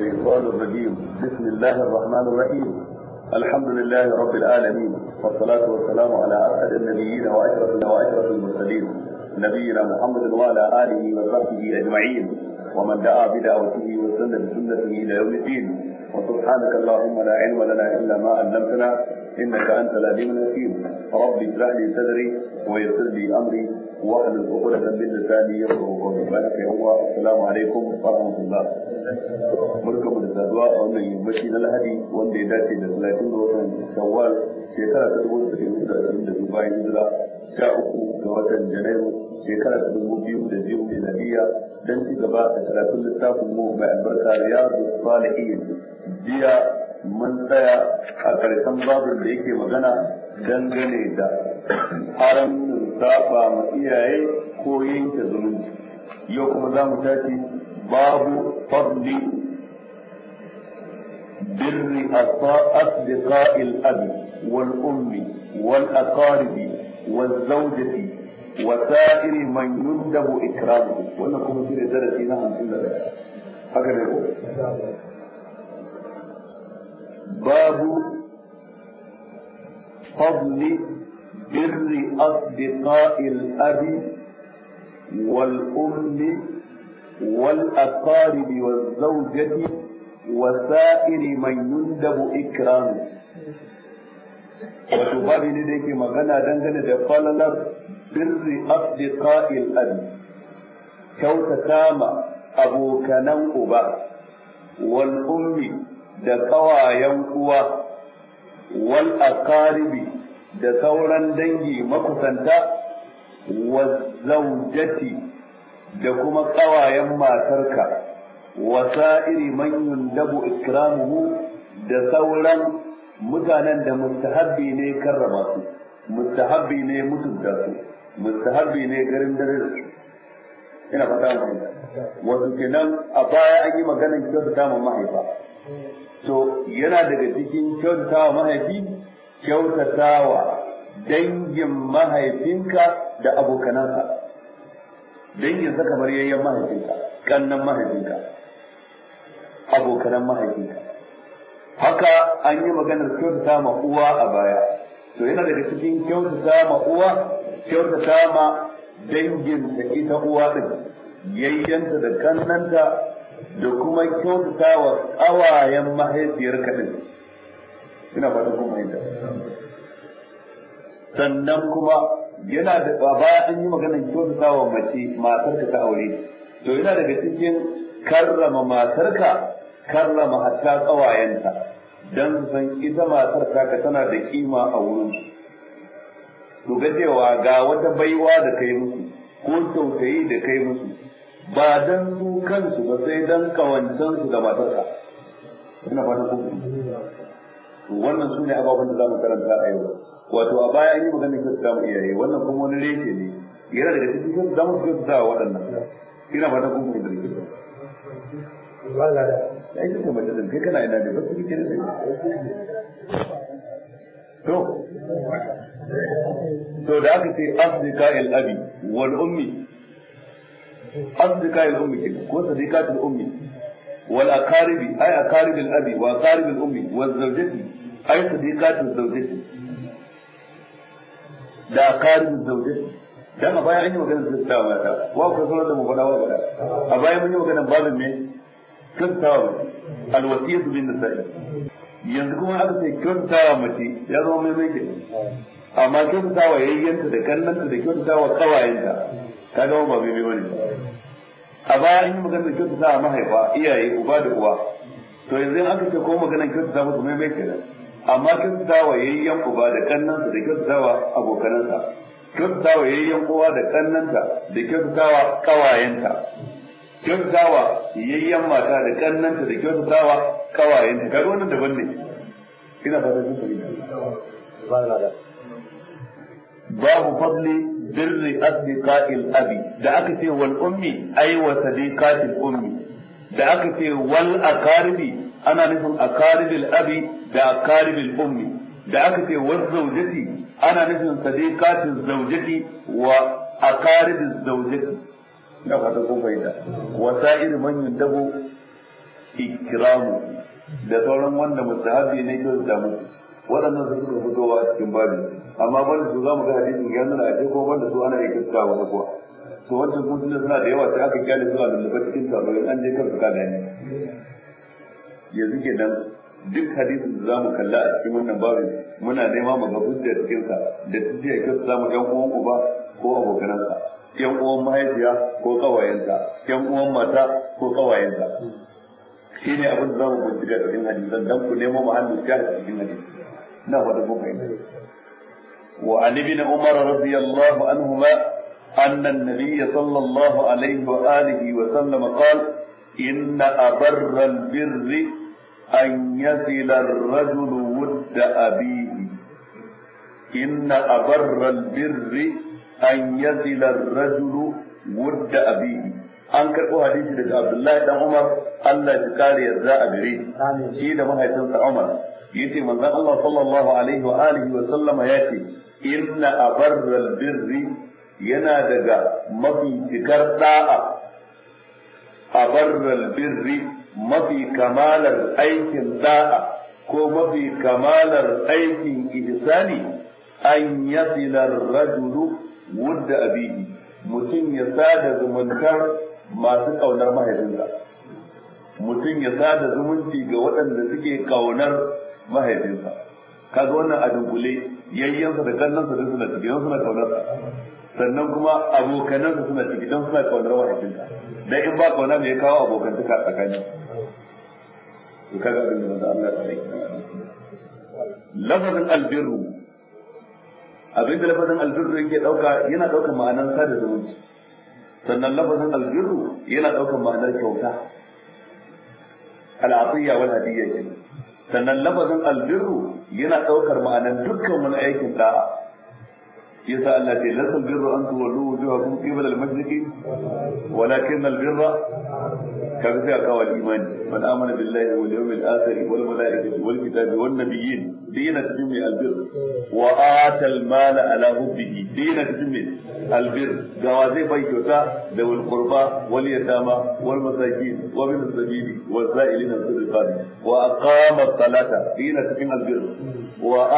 الشيطان الرجيم بسم الله الرحمن الرحيم الحمد لله رب العالمين والصلاة والسلام على أسعد النبيين وأشرف وأشرف المرسلين نبينا محمد وعلى آله وصحبه أجمعين ومن دعا بدعوته وسلم بسنته إلى يوم الدين وسبحانك اللهم لا علم لنا إلا ما علمتنا إنك أنت العليم الحكيم ربي اشرح لي صدري ويسر لي أمري واحلل عقدة من لساني يفقهوا قولي بارك يوم السلام عليكم ورحمة الله barkamu da saduwa a wannan yammaci na lahadi wanda ya dace da talatin da watan shawwal shekara ta dubu da ɗari da ashirin da biyu bayan hijira sha uku ga watan janairu shekara ta dubu biyu da biyu islamiyya dan ci gaba da karatun littafin mu mai albarka riyadu salihin jiya mun tsaya a karshen babin da yake magana dangane da haramcin saba ma iyaye ko yanke zumunci yau kuma za mu tashi babu fadli birri asdiqa'il abi wal ummi wal aqaribi wal وسائر من يندب إكرامه وأنكم في درسي نعم كل ذلك هكذا باب فضل بر أصدقاء الأب والأم والأقارب والزوجة وسائر من يندب إكرامه wato babi ne da yake magana dangane da falalar birri asdiqa'il abi kyautata ma abokanan uba wal'ummi da ƙawayen uwa wal'akaribi da sauran dangi makusanta wa zaujati da kuma ƙawayen matarka wa sa'iri man yundabu ikramuhu da sauran mutanen da mustahabbi ne karrama su mustahabbi ne mutunta su mustahabbi ne garin dare da su ina fata mu wato kenan a baya an yi maganar kyautata ma mahaifa to yana daga cikin kyautatawa mahaifi kyautatawa dangin mahaifinka da abokanansa danginsa kamar yayyan mahaifinka kannan mahaifinka abokanan mahaifinka haka an yi maganar kyautata ma uwa a baya to yana daga cikin kyautata ma uwa kyautata ma dangin da ita uwa din yayyanta da kannanta da kuma kyautata wa ƙawayen mahaifiyar kaɗin ina fata kuma yadda sannan kuma yana da baya an yi maganar kyautata wa mace matarka ta aure to yana daga cikin karrama matarka karrama hatta ƙawayenta don su san ita matar ka tana da kima a wurin to ga cewa ga wata baiwa da kai musu ko tausayi da kai musu ba dan su kansu ba sai dan kawancan su da matarka ina fatan ku wannan sune ababan da zamu karanta a yau wato a baya an yi magana kyautu da mu iyaye wannan kuma wani reke ne yana daga cikin kyautu da mu kyautu da waɗannan ina fatan ku da rike wala da ai kike kuma da kai kana ina da ba kike da to to da aka ce asdika il abi wal ummi asdika il ummi kenan ko sadiqatul ummi wal aqaribi ay aqaribil abi wa aqaribil ummi wal zawjati ay sadiqatul zawjati da aqaribil zawjati dan a baya an yi maganar sassawa mata wa ku sauran da mu fada wa faɗa a baya mun yi maganar babin ne al wasiyatu bin nisa'i yanzu kuma aka ce kyautawa mace ya zama mai mai kenan amma kyautata wa yayyanta da kallanta da kyautata wa kawayenta ta ga ba bai bane a baya in yi maganin kyautata a mahaifa iyaye uba da uwa to yanzu aka ce ko maganin kyautata musu mai mai kenan amma kyautata wa yayyan uba da kallanta da kyautata wa abokanansa kyautata wa yayyan uwa da kallanta da kyautata wa kawayenta kyautata wa yayyan mata da kallanta da kyautata wa kawayenta kaga wannan daban ne ina fatan kun fahimta babu fadli birri asdiqa'il abi da aka ce wal ummi ay wa sadiqatil ummi da aka ce wal akaribi ana nufin akaribil abi da akaribil ummi da aka ce wal zawjati ana nufin sadiqatiz zawjati wa akaribiz zawjati da ko da sauran wanda mustahabi ne kyau da waɗannan su suka fitowa a cikin babi amma banda su za mu ga hadisin ya nuna a ko banda su ana yake ta wata kuwa to wancan sun tunda suna da yawa sai aka kyale zuwa lubar cikin taro in an je su ka gani yanzu ke nan duk hadisin da za mu kalla a cikin wannan babin muna nema mu ga hujjar cikinsa da su ce kirkira samu ɗan uwan ba ko abokanansa yan uwan mahaifiya ko kawayenta yan uwan mata ko kawayenta shi ne abin da za mu bincika cikin hadisan dan ku nemo shi shahid cikin hadisan na faɗa wa an umar radiyallahu anhuma anna an-nabiy sallallahu alaihi wa alihi wa sallam qala inna abarra al-birri an yasila ar-rajulu wudda abihi inna abarra al-birri an ar-rajulu wudda abihi an karɓo hadisi daga Abdullahi dan Umar Allah ya kare yarda a gare shi da mahaifinsa Umar yace manzon Allah sallallahu alaihi wa alihi wa sallama yace inna abarral birri yana daga mafi cikar da'a abarral birri mafi kamalar aikin da'a ko mafi kamalar aikin ihsani an yasila rajulu wudda abihi mutum ya sada zumuntar masu kaunar mahaifinsa mutum ya sada zumunci ga waɗanda suke ƙaunar. mahaifinsa kaga wannan a dunkule yayyansa da kannansa da suna ciki don suna kaunarsa sannan kuma abokanansa suna ciki don suna kaunar mahaifinsa dan in ba kauna mai kawo abokantaka tsakani to kaga abin da manzo Allah ya yi lafazin albirru abinda lafazin albirru yake dauka yana dauka ma'anar sada zumunci sannan lafazin albirru yana dauka ma'anar kyauta al'atiyya wal hadiyya kenan sannan lafazin albirru yana ɗaukar ma'anar dukkan wani aikin da'a yasa Allah ce lasa albirra an tuwallu wujuhakum qibla al-mashriqi walakin albirra kaga sai aka kawo imani man amana billahi wal yawmil akhir wal malaikati wal kitabi wan nabiyyin dina cikin mai albir wa atal mala ala hubbihi dina cikin mai albir ga zai bai kyauta da wal qurba wal yatama wal masakin wa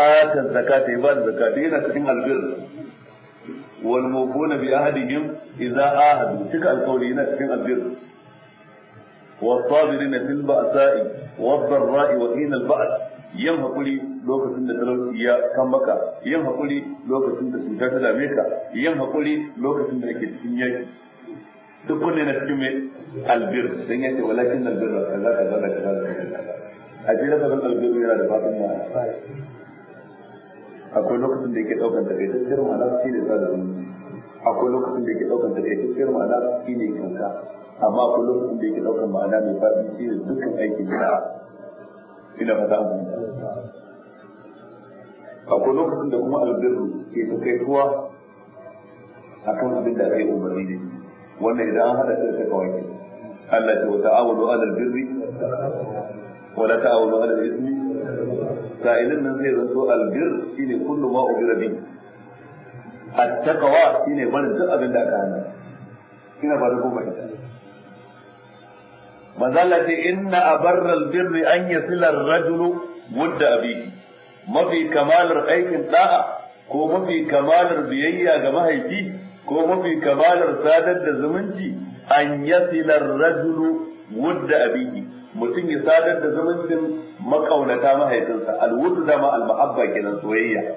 albir wal mawquna إذا آهدوا idza ahadu cika alkawari yana والصابرين في البأساء والضراء وحين البأس yin hakuri lokacin da talauci ya kan maka yin hakuri lokacin da cuta ta dame ka yan hakuri lokacin da ake cikin yaki duk kunne na cikin mai albir dan yace walakin albir kaza kaza kaza kaza a jira da albir yana da fatan ma akwai lokacin da yake daukan takaitacciyar ma'ana shi ne sada zumunci akwai lokacin da yake daukan takaitacciyar ma'ana shi ne kanka. amma akwai lokacin da yake daukan ma'ana mai faɗi shi ne dukkan aikin da ina fata mu akwai lokacin da kuma albirru ke ta kai kuwa akan abin da ake umarni ne wannan idan an haɗa sai ta kawai Allah ce wa ta'awunu alal birri wa la ta'awunu alal ismi sa'ilin nan zai zanto albir shine kullu ma ubira bi at-taqwa shine barin duk abin da aka hana ina ba da kuma ita manzala ce inna abarral birri an yasila ar-rajulu mudda abihi mafi kamalar aikin da'a ko mafi kamalar biyayya ga mahaifi ko mafi kamalar sadar da zumunci an yasila ar-rajulu mudda abihi mutum ya sadar da zumuncin makaunata mahaifinsa alwudu da ma almahabba kenan soyayya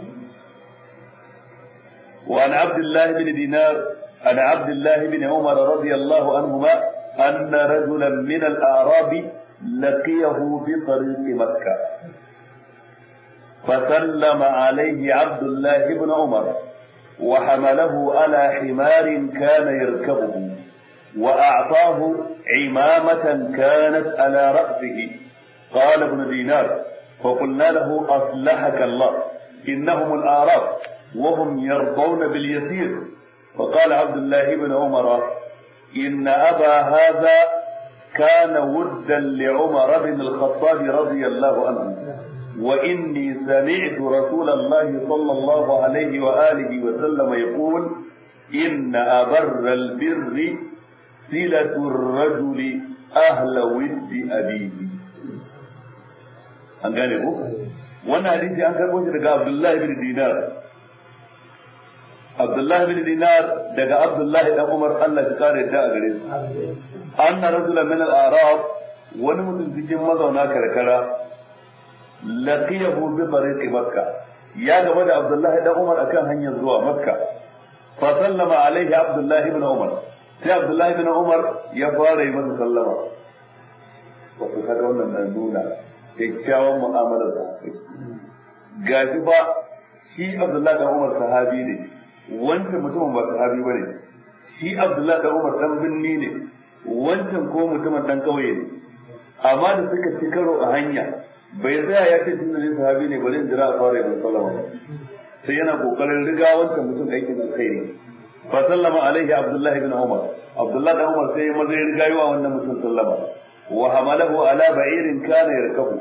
wa an abdullahi bin dinar an abdullahi bin umar radiyallahu anhuma anna rajulan min al-a'rab laqiyahu bi tariq makkah فسلم عليه عبد الله بن عمر وحمله على حمار كان يركبه وأعطاه عمامة كانت على رأسه قال ابن دينار فقلنا له أصلحك الله إنهم الأعراب وهم يرضون باليسير فقال عبد الله بن عمر إن أبا هذا كان ودا لعمر بن الخطاب رضي الله عنه وإني سمعت رسول الله صلى الله عليه وآله وسلم يقول إن أبر البر صلة الرجل أهل ود أبيه an gane ko wannan hadisi an karbo daga Abdullahi bin Dinar Abdullahi bin Dinar daga Abdullahi dan Umar Allah ya kare ta a gare su anna rajula min al-a'rab wani mutum cikin mazauna karkara laqiyahu bi tariq makka ya gaba da Abdullahi dan Umar akan hanyar zuwa makka fa sallama alaihi Abdullahi bin Umar sai abdullahi bin umar ya fara yi masa sallama wato kada wannan na nuna kyakkyawan mu'amalar da gashi ba shi abdullahi bin umar sahabi ne wancan mutumin ba sahabi ba ne shi abdullahi bin umar dan binni ne wancan ko mutumin dan kauye ne amma da suka ci karo a hanya bai tsaya ya ce tun da sahabi ne bari in jira a fara yi masa sallama sai yana kokarin riga wancan mutum aikin alkhairi fa sallama alaihi abdullahi bin umar abdullahi bin umar sai maza ya riga wa wannan mutum sallama wa hamalahu ala ba'irin kana yarkabu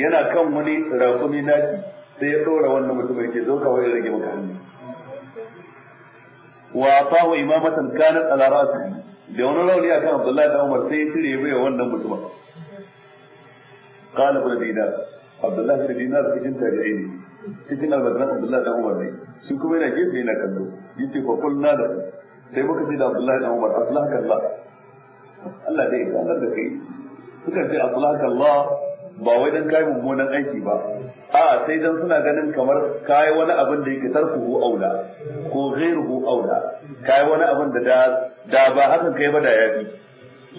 yana kan wani rakumi naki sai ya dora wannan mutum yake zo kawai ya rage maka hannu wa atahu imamatan kanat ala ra'si da wani rauni akan abdullahi bin umar sai ya cire bai wannan mutum dinar abdullahi ne cikin almajiran abdullahi dan umar ne shi kuma yana gefe yana kallo ce fa na da sai muka ce da abdullahi dan umar abdullahi kalla Allah dai ya da kai suka ce abdullahi kalla ba wai dan kai mummunan aiki ba a sai dan suna ganin kamar kai wani abin da yake tarkuhu aula ko ghairuhu aula kai wani abin da da ba hakan kai ba da yafi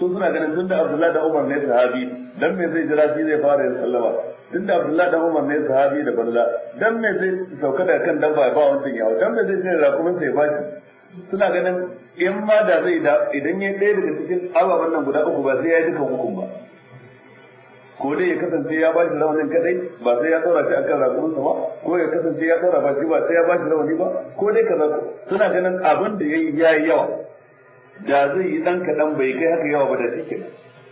sun suna ganin tunda abdullahi da umar ne sahabi dan me zai jira shi zai fara yin sallama tun da Abdullahi dan Umar ne sahabi da balla dan me zai sauka da kan dabba ya ba wancan yawo dan me zai ce kuma sai ba suna ganin in ma da zai da idan ya ɗaya daga cikin ababen nan guda uku ba sai ya yi dukan hukun ba ko dai ya kasance ya bashi rawanin kadai ba sai ya tsora shi akan rakuminsa ba ko ya kasance ya tsora bashi ba sai ya bashi rawani ba ko dai kaza suna ganin abin da ya yi yawa da zai yi dan kaɗan bai kai haka yawa ba da cikin.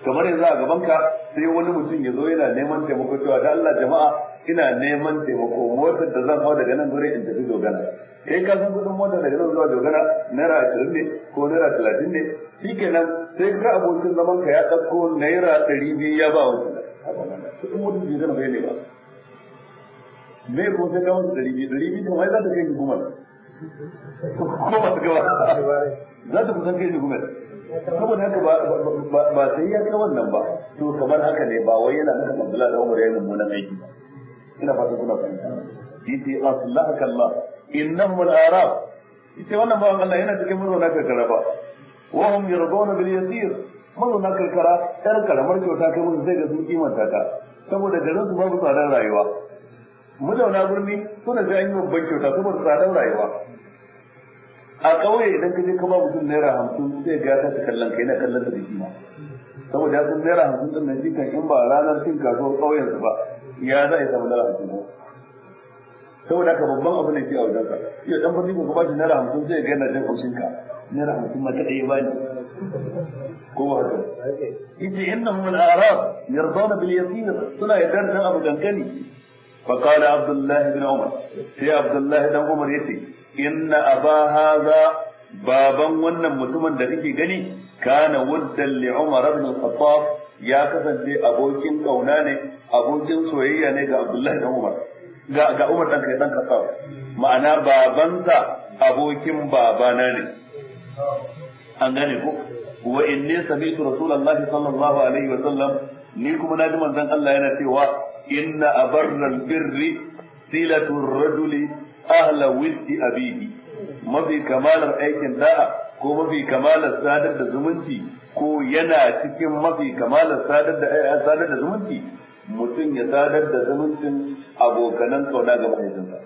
kamar yanzu a gabanka sai wani mutum ya zo yana neman taimako cewa da Allah jama'a ina neman taimako motar da zan hau daga nan gure in tafi dogana kai ka san kudin motar daga nan zuwa dogana naira ashirin ne ko naira talatin ne shikenan sai ka abokin zaman ka ya ɗauko naira ɗari biyu ya ba wani kudin motar bai zama ne ba me ko sai ka wani ɗari biyu ɗari biyu kuma za ta kai ni ko ba ta gaba za ta kusan kai ni saboda haka ba sai ya kai wannan ba to kamar haka ne ba wai yana Abdullah da Umar yayin yi mummunan aiki ina fata kuna fahimta yace kalla. Allah innahum al-arab yace wannan ba Allah yana cikin mazauna karkara ba wa hum yarduna bil yasir mazauna karkara yar karamar kyauta kai mun zai ga sun kimanta ka saboda garin su babu tsadar rayuwa mazauna birni suna ga an yi babban kyauta saboda tsadar rayuwa a ƙauye idan ka je ka ba mutum naira hamsin zai ga ta kallon kai na kallon ta da ma saboda ya san naira hamsin din nan shi kan in ba ranar cin kasuwar ƙauyen su ba ya za a samu naira hamsin saboda ka babban abu ne ke a wajen ka iya dan farji ka ba shi naira hamsin zai ga yana jin haushin ka naira hamsin ma ɗaya ba ne ko ba haka yace hum al-arab yarduna bil yaqin suna yardar dan abu dangane fa عبد الله بن umar sai عبد dan umar yace inna aba hadha baban wannan mutumin da kake gani kana wuddan li Umar ibn al-Khattab ya kasance abokin kauna ne abokin soyayya ne ga Abdullahi da Umar ga ga Umar dan kai dan Khattab ma'ana babanka abokin babana ne an gane ko wa inni sami'tu rasulullahi sallallahu alaihi wa sallam ni kuma na ji manzon Allah yana cewa inna abarral birri silatul rajuli ahla waddi abihi mafi kamalar aikin da'a ko mafi kamalar sadar da zumunci ko yana cikin mafi kamalar sadar da sadar da zumunci mutum ya sadar da zumuncin abokanan tsauna ga mahaifinsa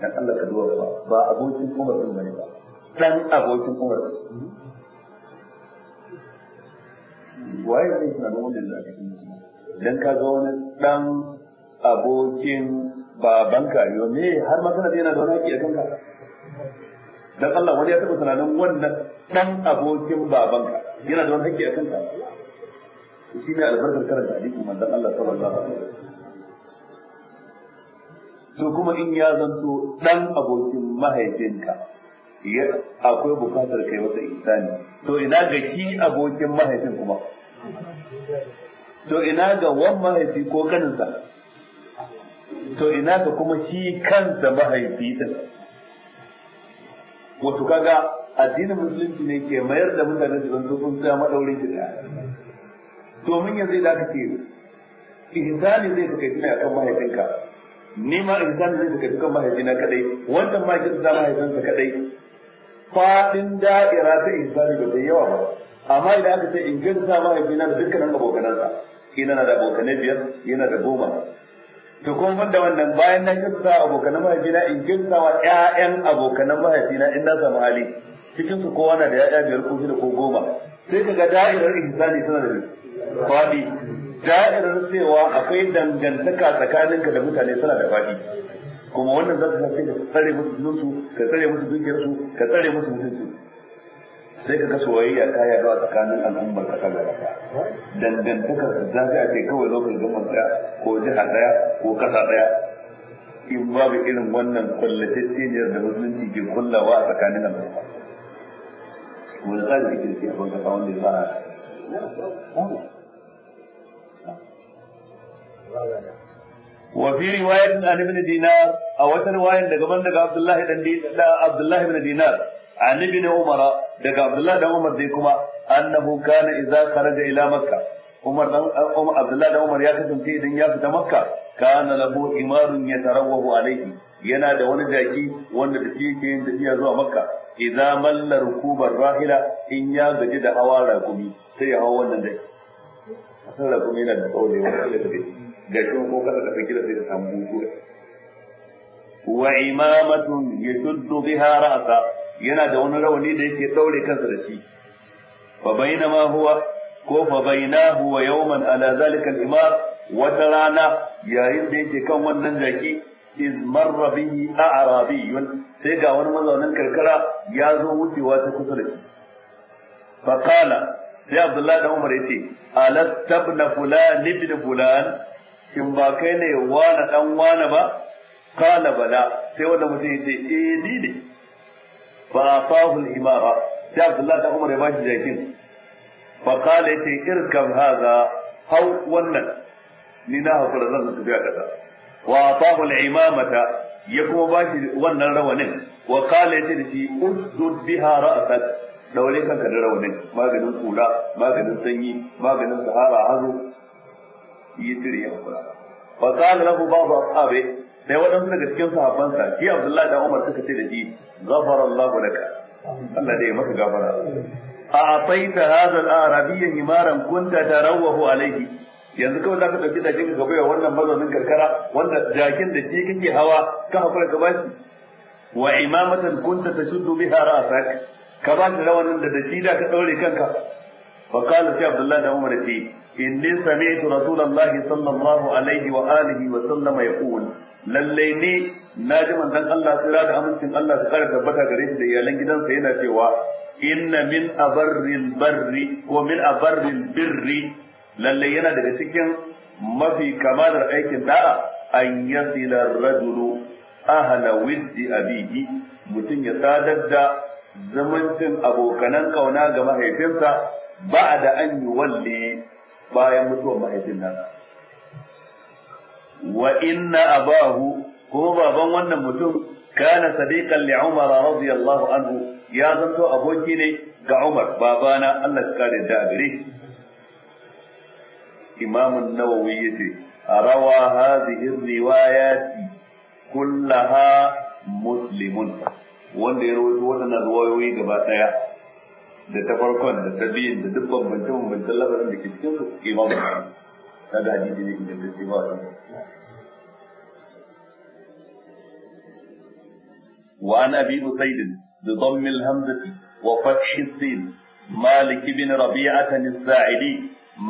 dan Allah ka duba ba ba abokin kuma din bane ba dan abokin kuma Umar waye ne tunanin wanda zai dan ka ga wani dan abokin babanka yau me har ma da yana da wani haƙƙi a kanka dan Allah wani ya taɓa tunanin wannan dan abokin babanka yana da wani haƙƙi a kanka shi ne albarkar karanta hadisi manzon Allah sallallahu alaihi wasallam to kuma in ya zanto dan abokin mahaifinka akwai bukatar kai wata insani to ina ga ki abokin mahaifin kuma to ina ga wan mahaifi ko kaninsa to ina ga kuma shi kansa mahaifi din wato kaga addinin musulunci ne ke mayar da mutane da zanto sun tsaya madaurin shi to domin yanzu da aka ce ihsani zai ka kai kan mahaifinka ni ma ihsani zai ka kan mahaifina kadai wannan ma kin da mahaifinsa kadai fadin da'ira ta ihsani ba yawa ba amma idan aka ce in gaisa mahaifina da dukkanin abokanansa ina na da abokanai biyar yana da goma to kun ban da wannan bayan na abokan abokanan mahaifina in kirsa wa ƴaƴan abokanan mahaifina in na samu hali cikin su kowa na da ƴaƴa biyar ko shida ko goma sai ka ga da'irar ihsani tana da faɗi da'irar cewa akwai dangantaka tsakaninka da mutane suna da faɗi kuma wannan za ka sa sai ka tsare musu ka tsare musu dukiyarsu ka tsare musu mutuncinsu sai ka ga soyayya ta yaɗu a tsakanin al'ummar ka kaga dangantakar su za ta ce kawai lokacin gaban daya ko jiha daya ko kasa daya in babu irin wannan kwallatacceniyar da musulunci ke kullawa a tsakanin al'umma wani tsari da ke a kasa wanda ya fara وفي رواية عن ابن دينار أو رواية لقمان عبد الله بن دينار an ibn umar daga abdullahi dan umar dai kuma annahu kana idza kharaja ila makka dan umar abdullahi dan umar ya kasance idan ya fita makka kana lahu imarun yana da wani jaki wanda da shi yake yin tafiya zuwa makka idza malla rukubar rahila in ya gaji da hawa ragumi sai ya hawa wannan jaki asan ragumi yana da tsawo da yawa da tafi ga shi ko kada ka tafi gida sai ka samu hutu wa imamatun yashuddu biha ra'sa yana da wani rawani da yake daure kansa da shi fa bainama huwa ko fa bainahu wa yawman ala zalika al-imar wata rana yayin da yake kan wannan jaki iz marra bihi a'rabiyun sai ga wani mazaunin karkara ya zo wucewa ta kusa da shi fa qala sai abdullahi da umar yace alastabna fulan ibn fulan kin ba kai ne wani dan wani ba qala bala sai wanda mutum yace eh ni ne Ba atahu al-imara sai Abdullah da Umar ya bashi jakin fa qala yace irkab hadha hau wannan ni na hakura zan tafi a kasa wa atahu al-imamata ya kuma bashi wannan rawanin wa qala yace da shi uddud biha ra'sak daure da rawanin maganin kula maganin sanyi maganin sahara hazo yi tire ya hakura fa qala lahu ba'd ashabi sai waɗansu daga cikin sahabbansa shi Abdullahi da Umar suka ce da shi ghafarallahu laka Allah dai maka gafara a ataita hadha al-arabiyya himaran kunta tarawahu alayhi yanzu kawai za ka ɗauki jakin ka baiwa wannan mazaunin karkara wanda jakin da shi kake hawa ka hakura ka bashi wa imamatan kunta tashuddu biha ra'sak ka ba shi rawanin da da shi da ka daure kanka fa qala sai Abdullahi da Umar ce inni sami'tu rasulullahi sallallahu alaihi wa alihi wa sallama yaqul lalle ne na ji manzon Allah tsira da amincin Allah su kara tabbata gare shi da iyalan gidansa yana cewa inna min abarril barri ko min abarril birri lalle yana daga cikin mafi kamalar aikin da'a an yasila rajulu ahla widdi abihi mutum ya sadar da zumuncin abokanan kauna ga mahaifinsa ba'a da an yi walle bayan mutuwar mahaifin nan. wa inna abahu kuma baban wannan mutum kana sadiqan li Umar radiyallahu anhu ya zanto aboki ne ga Umar babana Allah ya kare da gare Imam an-Nawawi yace rawa hadhihi riwayat kullaha muslimun wanda ya rawaito waɗannan riwayoyi gaba ɗaya da ta farkon da ta biyun da duk bambance bambance lamarin da ke cikin su imam ta da hadisi ne inda ta ce ba wa وعن أبي أسيد بضم الهمزة وفتح السين مالك بن ربيعة الساعدي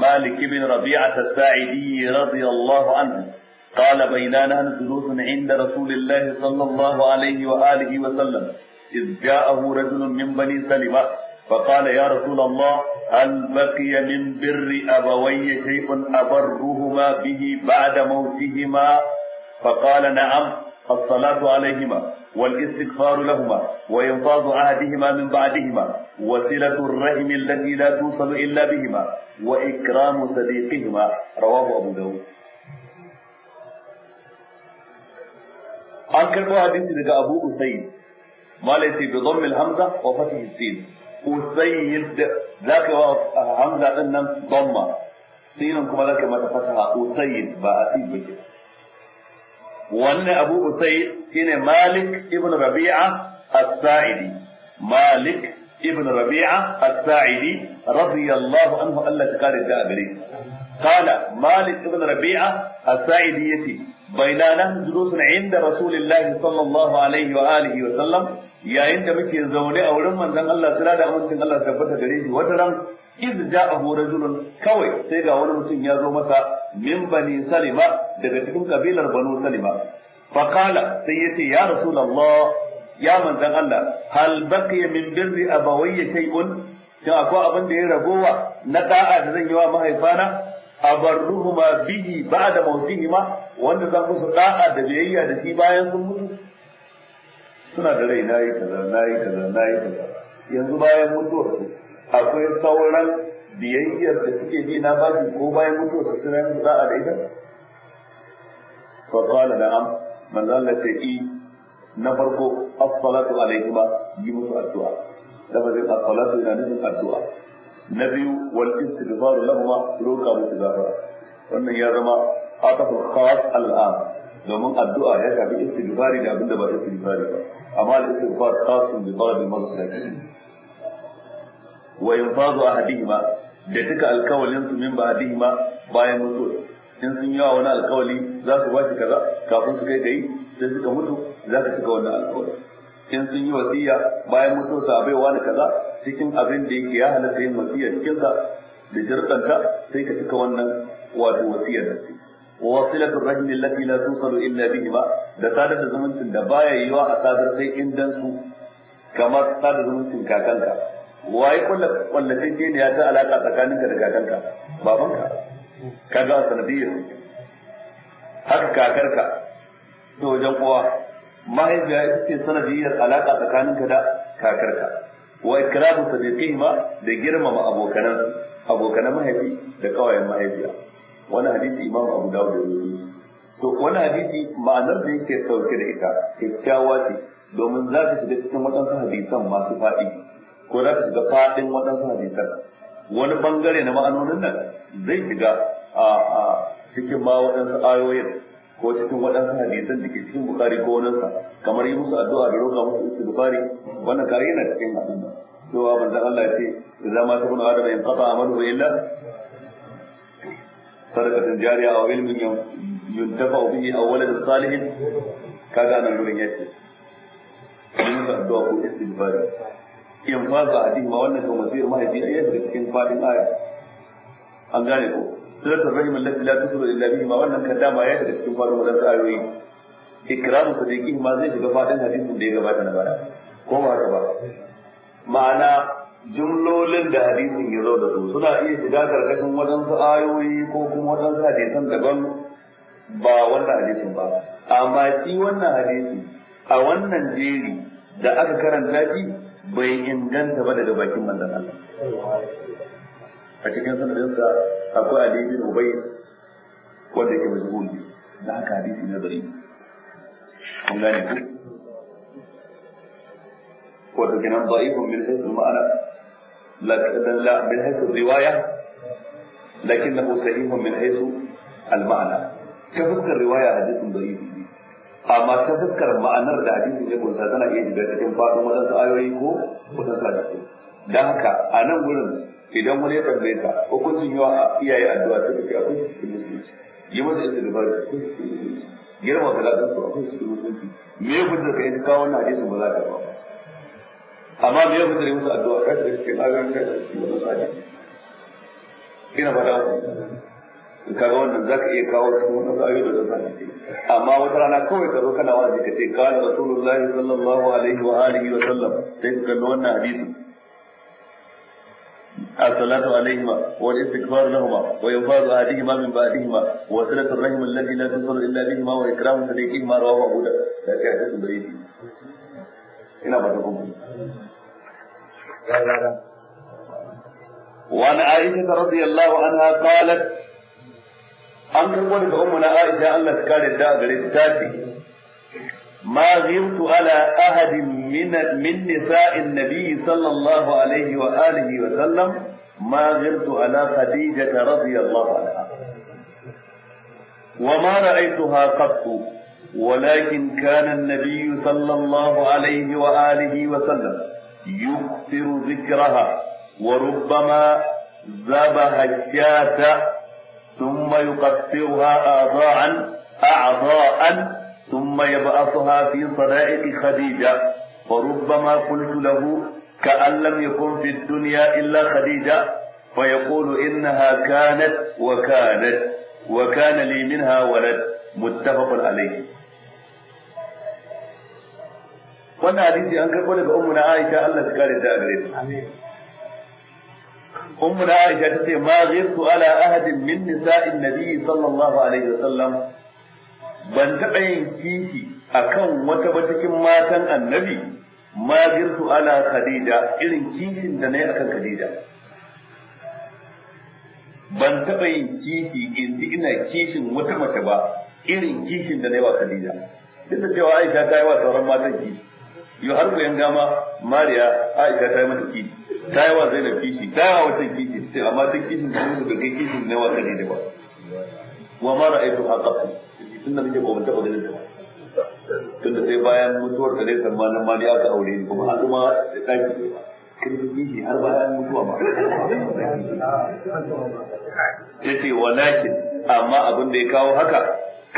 مالك بن ربيعة الساعدي رضي الله عنه قال بيننا جلوس عند رسول الله صلى الله عليه وآله وسلم إذ جاءه رجل من بني سلمة فقال يا رسول الله هل بقي من بر أبوي شيء أبرهما به بعد موتهما فقال نعم الصلاة عليهما والاستغفار لهما وإنفاض عهدهما من بعدهما وصلة الرحم التي لا توصل إلا بهما وإكرام صديقهما رواه أبو داود أنكر karɓo hadisi daga abu usaid ما ليس bi الهمزة وفتح السين usayyid ka wa hamza din nan sinin kuma zaka mata fataha usayyid ba asib ba wannan abu usayyid shine malik ibn rabi'a as-sa'idi malik ibn rabi'a as-sa'idi radiyallahu anhu Allah ta kare da gare قال مالك بن ربيعة الساعدي بين نحن عند رسول الله صلى الله عليه وآله وسلم yayin da muke zaune a wurin manzon Allah tana da amincin Allah tabbata gare shi wata ran iz ja'ahu rajulun kawai sai ga wani mutum ya zo masa min bani salima daga cikin kabilar banu salima fa sai yace ya rasulullah ya manzon Allah hal baqiya min birri abawayya shay'un shin akwai abin da ya ragowa na da'a da zan yi wa mahaifana abarruhuma bihi ba'da mawtihima wanda zan musu da'a da biyayya da shi bayan sun mutu suna da rai na yi kaza na yi kaza na yi kaza yanzu bayan mutuwar akwai sauran biyayyar da suke ji na ba ko bayan mutuwar su suna yanzu za a da ita fa qala na'am man zalla ta'i na farko as-salatu ba yi musu addu'a da ba zai as-salatu yana nufin addu'a na biyu wal istighfaru lahum roka musu gafara wannan ya zama ataful khas al-an domin addu'a ya shafi istighfari da abinda ba istighfari ba amma al-istighfar khasun bi talab al-maghfirah wa yanfadu ahadihima da duka alkawalin su min ba'dihima bayan mutuwa in sun yi wani alkawali za su bashi kaza kafin su kai gai sai suka mutu za ka cika wannan alkawali in sun yi wasiya bayan mutuwa sa bai wani kaza cikin abin da yake ya halatta yin wasiya cikin sa da jirkanta sai ka cika wannan wato wasiyar da wa filatul rahim allati la tusalu illa ba da sadar da zumuncin da baya yiwa a sadar sai in dan su kamar sadar zumuncin kakanka waye kullu wallace ce ne ya ta alaka tsakaninka da kakanka babanka kaga sanadiyar har kakarka ta wajen uwa mahaifiya ita ce sanadiyar alaka tsakaninka da kakarka Wai wa ikramu sadiqihima da girmama abokan abokanan mahaifi da kawayen mahaifiya wani hadisi imam abu dawo da yi to wani hadisi ma'anar da yake sauke da ita kyakkyawa ce domin za ta shiga cikin waɗansu hadisan masu faɗi ko za ta shiga faɗin waɗansu hadisan wani bangare na ma'anonin nan zai shiga a cikin ma waɗansu ayoyin ko cikin waɗansu hadisan da ke cikin bukari ko wanansa kamar yi musu addu'a da roƙa musu isu bukari wannan kare yana cikin abin cewa manzon Allah ya ce zama ta kuma adama in qata amalu illa sadaqatan jariya aw ilmin yuntafa bihi aw waladin salihin kaga nan gurin yake yin da addu'a ko istighfar in fasa a cikin wannan kan wasiyar mahaifi a yadda cikin fadin aya an gane ko sirrin rahimin lati la tusulu illa bihi ma wannan kan dama ya daga cikin fadin wadansu ayoyi ikramu sadiqi ma zai shiga fadin hadisin da ya gabata na ba ba ma'ana jumlolin da hadisin ya zo da su suna iya shiga karkashin waɗansu ayoyi ko kuma waɗansu hadisan daban ba wannan hadisin ba amma shi wannan hadisi a wannan jeri da aka karanta shi bai inganta ba daga bakin manzon Allah a cikin sanadinsa akwai hadisi da ubai wanda ke majhul da haka hadisi na zari kun gane ku ko da kenan da'ifun min haythu ma'ana la min haythu riwaya lakinnahu sahihun min haythu al-ma'na ta fuskar riwaya hadisin da'if amma ta fuskar ma'anar da hadisin ya kunsa tana iya shiga cikin fadin wadansu ayoyi ko wadansu hadisi dan haka a nan gurin idan wani ya tambaye ka hukuncin yawa iyaye addu'a akwai cikin musulunci yi su me ya da ka yi kawo wannan hadisin ba za ka ba amma me ya fitar musu addu'a ka da cikin agan ka da cikin wani ina fata kaga wannan zaka iya kawo su wannan ayoyi da zaka amma wata rana kawai ka zo kana wa'azi ka ce kana rasulullahi sallallahu alaihi wa alihi wa sallam sai ka kalli wannan hadisin الصلاة عليهما والاستغفار لهما وينفاذ أحدهما من بعدهما وصلة الرحم الذي لا تصل إلا بهما وإكرام صديقهما رواه أبو داود. لا تعتقد بعيد. هنا بدأ وعن عائشة رضي الله عنها قالت أن تقول أمنا عائشة أن كان الداء للتاتي ما غرت على أحد من من نساء النبي صلى الله عليه وآله وسلم ما غرت على خديجة رضي الله عنها وما رأيتها قط ولكن كان النبي صلى الله عليه وآله وسلم يكثر ذكرها وربما ذبح الشاة ثم يقطعها أعضاء أعضاء ثم يبعثها في صدائق خديجة فربما قلت له كأن لم يكن في الدنيا إلا خديجة فيقول إنها كانت وكانت وكان لي منها ولد متفق عليه wannan hadisi an karɓo daga ummu na Aisha Allah ta kare ta gare ta ummu na Aisha ta ce ma ghirtu ala ahadin min nisa'in nabi sallallahu alaihi wasallam ban taɓa yin kishi akan wata ba cikin matan annabi ma ghirtu ala khadija irin kishin da na yi akan khadija ban taɓa yin kishi in ji ina kishin wata mace ba irin kishin da na yi wa khadija duk da cewa Aisha ta yi wa sauran matan kishi yau har goyon dama mariya aisha ta yi mata kishi ta yi wa zainab kishi ta yi wa wancan kishi sai amma duk kishin da musu ga kai kishin ne wa kadi da ba wa ma ra'aytu haqqan tunda nake ba mun taba ganin ta tunda sai bayan mutuwar da dai sanma nan ma ni aka aure ni kuma an zuma da daki kin yi kishi har bayan mutuwa ba Ta yace walakin amma abin da ya kawo haka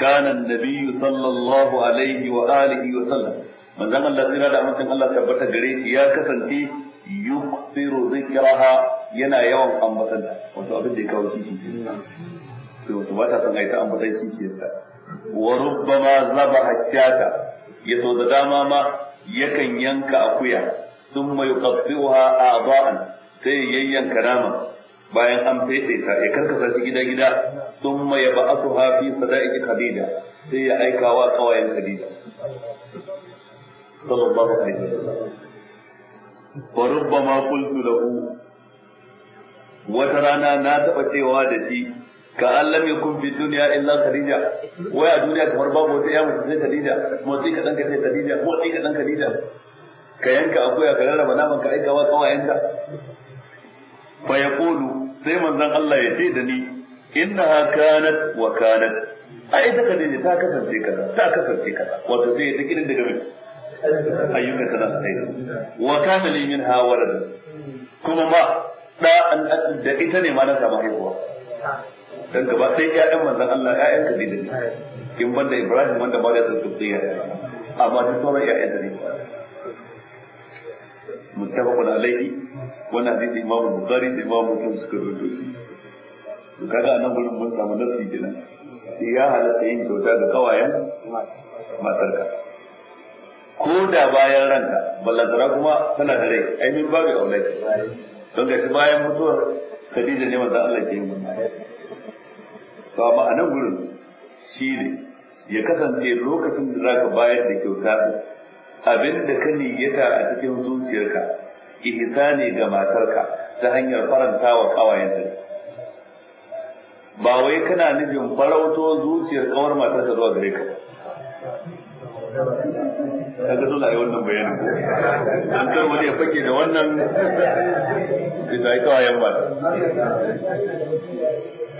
kana annabi sallallahu alaihi wa alihi wa sallam manzan Allah zai da amincin Allah tabbata gare shi ya kasance yukthiru zikraha yana yawan ambatan wato abin da ya kawo kishi to wato ba ta san ai ta ambatan kishi ta wa rubbama zabaha ya so da dama ma yakan yanka akuya thumma yuqatti'uha a'dha'an sai yayyanka nama bayan an fete ta ya karkasa shi gida-gida thumma yab'athuha fi sada'iq khadija sai ya aika wa kawayen khadija صلى الله عليه وسلم وربما cewa da shi ka Allah kun fi duniya illa Khadija wai a duniya kamar babu wata ya mace sai Khadija motsi ka danka sai Khadija motsi ka danka Khadija ka yanka akuya ka rarraba naman ka aikawa kawayenka fa yaqulu sai manzon Allah ya ce da ni innaha kanat wa kanat ai ta Khadija ta kasance kaza ta kasance kaza wato sai ta kidin daga mai ayyukata sana da kai wa kana li min walad kuma ma da an da ita ne ma na samu dan gaba sai ƴaƴan manzon Allah ƴaƴan Khadija ne in banda Ibrahim wanda ba da ya amma duk sauran ƴaƴan da ne muttafaqun alayhi wannan hadisi Imam Bukhari da Imam Muslim suka rubuto to kaga nan gurin mun samu nafsi kenan sai ya halatta yin kyauta ga kawayen matarka ko da bayan ranka ballantana kuma tana da rai ai min babu aulai don ga bayan mutuwar Khadija ne manzo Allah ke yi to amma a gurin shine ya kasance lokacin da zaka bayar da kyauta abinda ka niyyata a cikin zuciyarka ne ga matarka ta hanyar faranta wa kawayenta ba wai kana nufin farauto zuciyar kawar matarka zuwa gare ka kaga dole yi wannan bayanin ko dan kar wani ya fake da wannan da ai kawayen ba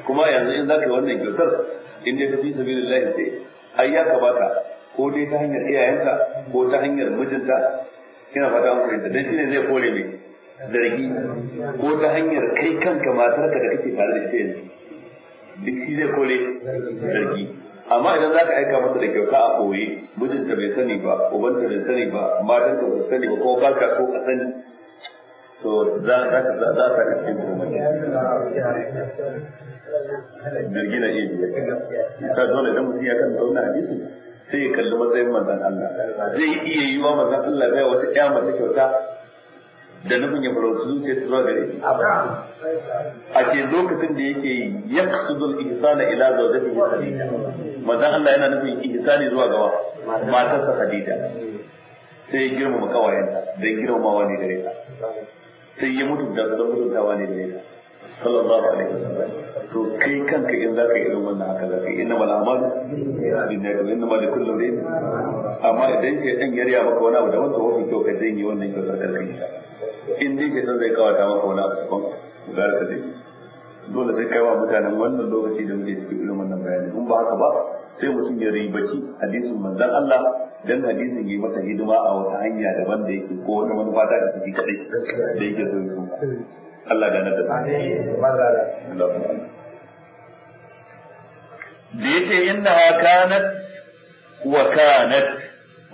kuma yanzu in zaka yi wannan kyautar in dai fi sabilillah sai ai ya kamata ko dai ta hanyar iyayenka ko ta hanyar mijinta kina fata an fahimta dan shine zai kore mai zargi ko ta hanyar kai kanka matarka da kake tare da ita yanzu duk shi zai kore zargi amma idan za ka aika masa da kyauta a koyi mijinta bai sani ba ubanta bai sani ba matanta bai sani ba kuma ba ka a sani to za za ka za ta ka cikin komai jirgin na iya ka dole idan mutum ya kan zauna a bisu, sai ya kalli matsayin manzan Allah zai iya yi wa manzan Allah bai wata ƴa mata kyauta da nufin ya farauta zuciya su zuwa gare a ke lokacin da yake yi ya kasudul ihsana ila zawjatihi salihah manzon Allah yana nufin ihsani zuwa gawa matarsa Khadija sai ya girmama kawayenta dan girmamawa wani gare ta sai ya mutu da don mutuntawa ne gare ta sallallahu alaihi wasallam to kai kanka in zaka yi irin wannan haka zaka yi innamal a'mal binniyat innamal likulli imrin amma idan ke dan yarya maka wani abu da wanda wani kyau ka janye wannan kyautar karkai in dai ke san zai kawata maka wani abu daban zaka dai dole sai kai wa mutanen wannan lokaci da muke cikin irin wannan bayani in ba haka ba sai mutum ya baki hadisin manzon Allah dan hadisin yi masa hidima a wata hanya daban da yake ko wata manufa ta da take kadai da yake so yi Allah gane da da yake inna kanat wa kanat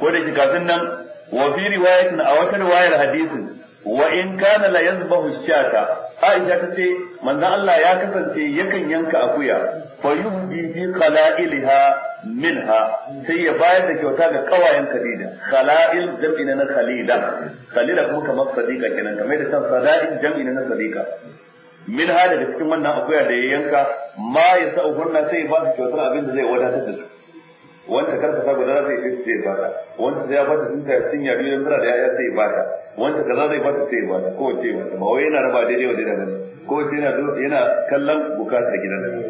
ko da kafin nan wa fi riwayatin a wata riwayar hadisin wa in kana la yanzabahu shata Aisha ta ce manzon Allah ya kasance yakan yanka akuya fa yubdi fi qala'ilha minha sai ya bayar da kyauta ga kawayen Khadija khala'il jam'i na Khalida Khalida kuma kamar sadiqa kenan kamar da san sadaqin jam'i na sadiqa minha daga cikin wannan akuya da ya yanka ma ya sa'u hunna sai ya ba su kyautar abin da zai wadatar da su wanda karka ta guda zai yi sai ba ta wanda ya bata sun ta cinya biyu suna da ya sai ba ta wanda kaza zai bata sai ba ta ko ce ba ta ba wai yana raba daidai wa daidai bane ko ce yana yana kallon bukatar gidan nan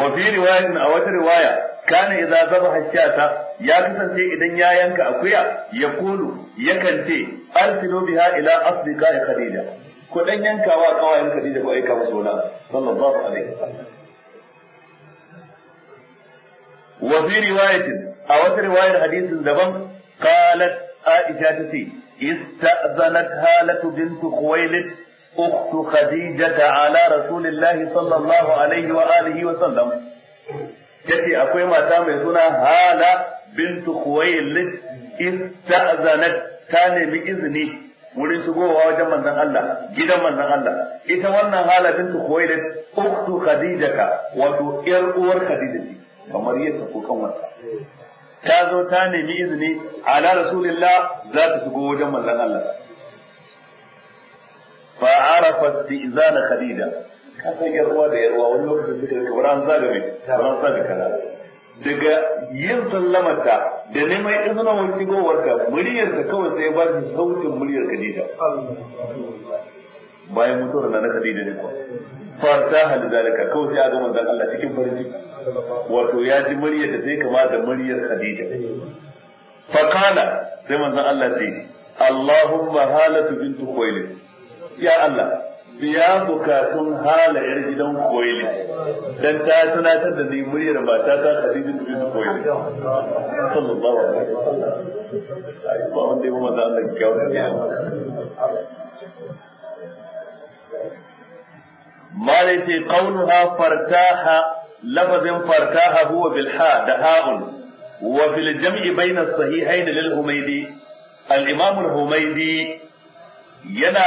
wa fi riwaya a wata riwaya kana idza zabaha shata ya kasance idan ya yanka akuya ya kulu ya kante arsilu biha ila asdiqa khadija ko dan yankawa kawayen khadija ko aika musu wala sallallahu alaihi wasallam wa fi riwayatin a wata riwayar hadisin daban qalat aisha tace istazanat halatu bint khuwailid اخت خديجة على رسول الله صلى الله عليه وآله وسلم تتي أكوي ما تامي سنة هالة بنت خويلد استأذنت كان بإذنه wurin shigowa wajen manzon Allah gidan manzon Allah ita wannan hala bintu Khuwailid uktu Khadijaka wato ƴar uwar kamar yadda ko wata. ta zo ta nemi izini ala rasulillah za ta shigo wajen manzon Allah fa arafa izan khadija ka san yar uwa da yar uwa wani lokacin suka rika an zaga mai ran zaga kaza daga yin sallamarta da neman izinin wani shigowarka muryarka kawai sai ya ba shi sautin muryar khadija bayan mutuwar na na Khadija ne kuwa farta hal zalika kawai sai a ga manzon Allah cikin farin ciki wato ya ji murya da zai kama da muryar Khadija fa sai manzon Allah sai Allahumma halatu bintu Khuwailid ya Allah biya bukatun halayar gidan koyili dan ta tunatar da ni muryar mata ta Khadija bintu Khuwailid sallallahu alaihi wasallam ai ba wanda ya mamata Allah ya kawo malai ce qawluha fartaha lafazin fartaha huwa bil ha da ha'un wa fil jam'i bayna sahihayn lil humaydi al imam al yana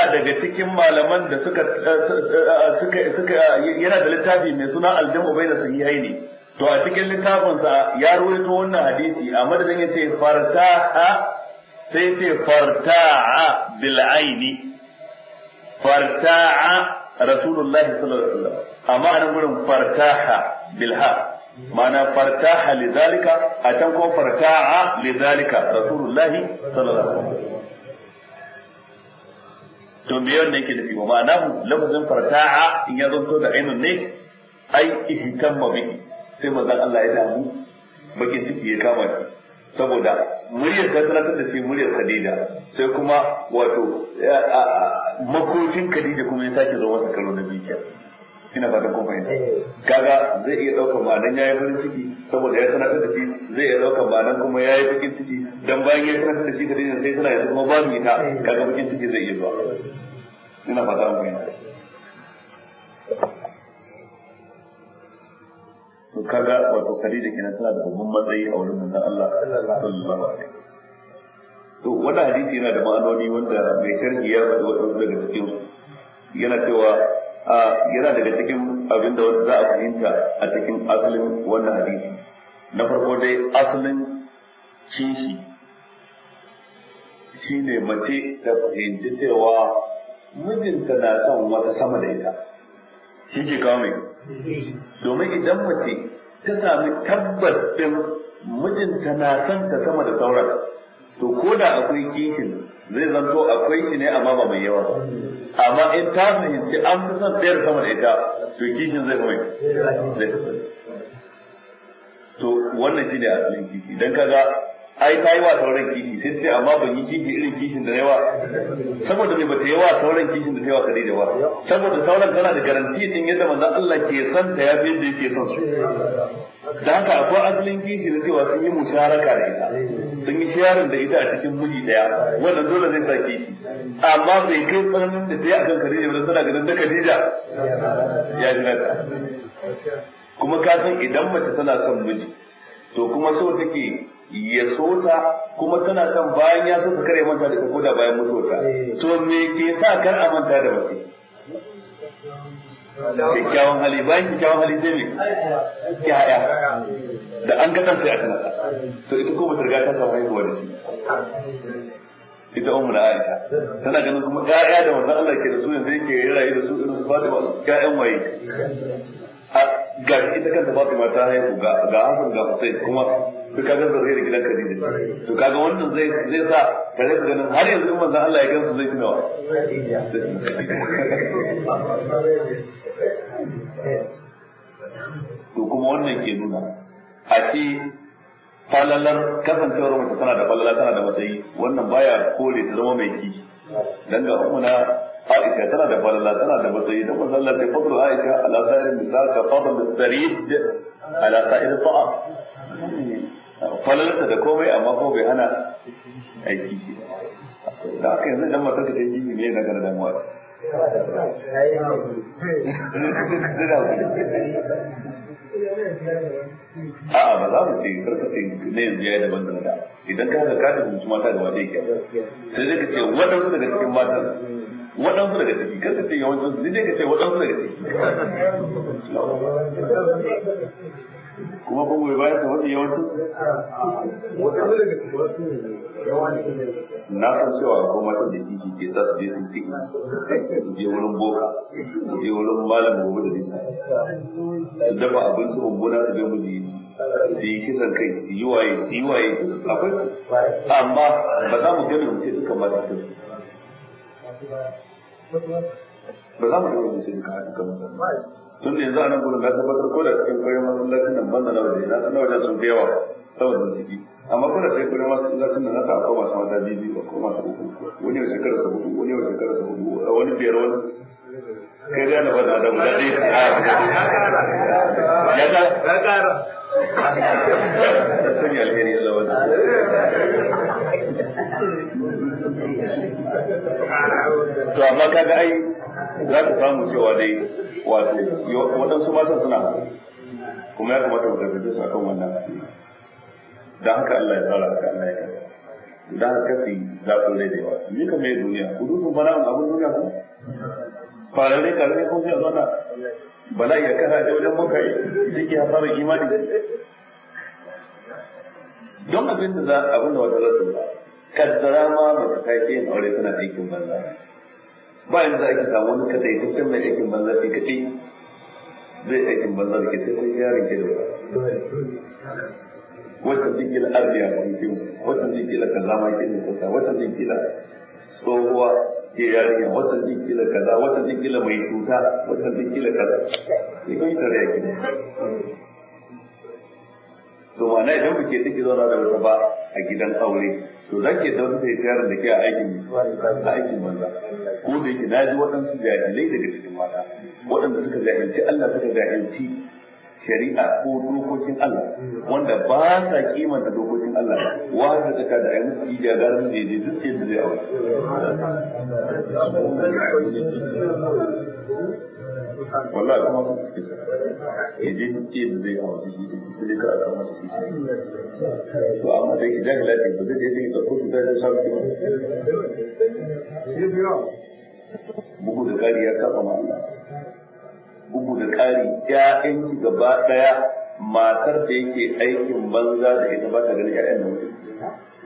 da littafi mai suna al jam'u bayna sahihayn to a cikin littafinsa ya ruwaito wannan hadisi a madadin yace fartaha sai ce farta'a bil aini farta'a rasulullahi sallallahu alaihi wasallam amma anan gurin fartaha bilha ma'ana fartaha lidhalika a can ko fartaha lidhalika rasulullahi sallallahu alaihi wasallam to me ne ke nufi wa ma'ana lafazin farta'a in ya zanto da ainun ne ai ihtamma bihi sai manzon Allah ya damu bakin ciki ya kama shi saboda muryar ta tunatar da shi muryar Khadija sai kuma wato eh, ah, ah, makocin Khadija kuma ya sake zo masa karo na bikin ina fata kun fahimta eh. kaga zai iya daukar ma'anan yayi farin ciki saboda ya sanar da shi zai iya daukar ma'anan kuma yayi bikin ciki dan bayan ya sanar da shi Khadija sai suna yanzu kuma babu ita kaga bikin ciki zai iya zuwa ina fata kun fahimta to kaga wato Khadija kina tana da babban matsayi a wurin manzon Allah sallallahu alaihi to wannan hadisi yana da ma'anoni wanda mai sharhi ya faɗi wasu daga cikin yana cewa a yana daga cikin abin da za a fahimta a cikin asalin wannan hadisi na farko dai asalin kishi shine mace da fahimci cewa mijinta na son wata sama da ita shi ke kawo mai domin idan mace ta sami tabbas ɗin mijinta na son ta sama da sauran to ko da akwai kishin zai zanto akwai shi ne amma ba mai yawa amma in ta fahimci an fi son ɗayar sama da ita to kishin zai mai to wannan shi ne a cikin kishi idan kaga ai ta yi wa sauran kishi sai sai amma ban yi kishi irin kishin da na wa? saboda mai bata wa sauran kishin da ta yi wa kadai da ba saboda sauran tana da garanti din yadda manzan Allah ke san ta ya fi yadda yake son su da haka akwai asalin kishi da cewa sun yi musharaka da ita sun yi sharing da ita a cikin miji daya wannan dole zai sa kishi amma bai kai tsananin da ta yi akan da ba tana ganin da kadija ya ji nata kuma ka san idan mace tana son miji to kuma so take ya sota kuma tana kan bayan ya sota kare manta da kuma bayan mutuwarta eh. to me ke sa kar a manta da mace kyakkyawan hali bayan kyakkyawan hali zai ne kyaya da an gadan sai a tana to ita kuma bata riga ta samu haihuwa da shi ita umu da Aisha tana ganin kuma ƴaƴa da wannan Allah ke da su yanzu yake rayu da su irin su Fatima ƴaƴan waye ga ita kanta Fatima ta haihu ga ga Hassan ga Hussein kuma duk kaga da zai gidan Khadija to kaga wannan zai zai sa ka rika ganin har yanzu manzon Allah ya gansu zai tunawa to kuma wannan ke nuna a ce falalar kasancewar mace tana da falala tana da matsayi wannan baya kore ta zama mai kishi dan ga umma Aisha tana da balala tana da matsayi da manzo Allah sai fadlu Aisha ala sa'irin nisa ka fadlu sarid ala sa'irin fa'a. falalata da komai amma ko bai hana aiki da aka yanzu dan matar ta yi ne na gara damuwa a'a ba za mu ce karka ce ne yanzu yayi daban daban da idan ka ga ka tafi mata gaba da yake sai dai ka ce wadansu daga cikin matan waɗansu daga ciki kan ka ce yawancin su ne ka ce waɗansu daga ciki kuma kuma bai bayar da wani yawancin waɗansu daga ciki na san cewa ko matan da kiki ke sa su je su ciki su je wurin boka su je wurin malam gobe da nisa su dafa abinci mummuna su je miji su yi kisan kai su yi waye su yi waye akwai amma ba za mu gani mutum ce duka su ba za mu yi wani sai ka haɗu ga tun da yanzu a nan gudun na tabbatar ko da cikin kwayoyin masallacin nan banda na waje na san wajen sun fi yawa saboda ciki amma ko da cikin kwayoyin masallacin nan haka akwai masu mata biyu biyu akwai masu uku wani yau shekara sa hudu wani yau shekara hudu wani biyar wani kai ba da daɗi ya ya ta wani to amma kaga ai za ka samu cewa dai wato waɗansu matan suna kuma ya kamata mu gargaje su akan wannan dan haka Allah ya tsara haka Allah ya tsara da haka kasi zafin rai da yawa ni kamar ya duniya ku dudu bana mun abin duniya ku farare karfe ko sai zauna bala ya kara da wajen yi yake ya fara imani don abin da za abin da wata rasu ba kaddara ma ba ta kai yin aure tana aikin banza ba yanzu ake samu wani kada ya kusa mai aikin banza ke kaɗai zai aikin banza da ke sai yaron ke da wata zikila arziya ba mutum wata zikila kaza ma ke da kusa wata zikila tsohuwa ke yarinya wata zikila kaza wata zikila mai cuta wata zikila kaza ne kai tare yake to na idan ba ke take zauna da wata ba a gidan aure to za ke zauna ta yi ziyarar da ke a aikin a aikin banza ko da yake na ji waɗansu jahilai daga cikin mata waɗanda suka jahilci Allah suka jahilci shari'a ko dokokin Allah wanda ba sa kimanta dokokin Allah wa ta taka da ayyuka su yi garin da yaje duk yadda zai aure wallahi kuma ku ci idan ce da zai hawa da shi da zai kara kama da shi to amma dai idan ya lafiya ba zai je sai ya ɗauko cuta da samu shi ba bugu da ƙari ya kafa ma Allah bugu da ƙari ƴaƴan gaba ɗaya matar da yake aikin banza da ita ba ta ganin ƴaƴan da mutum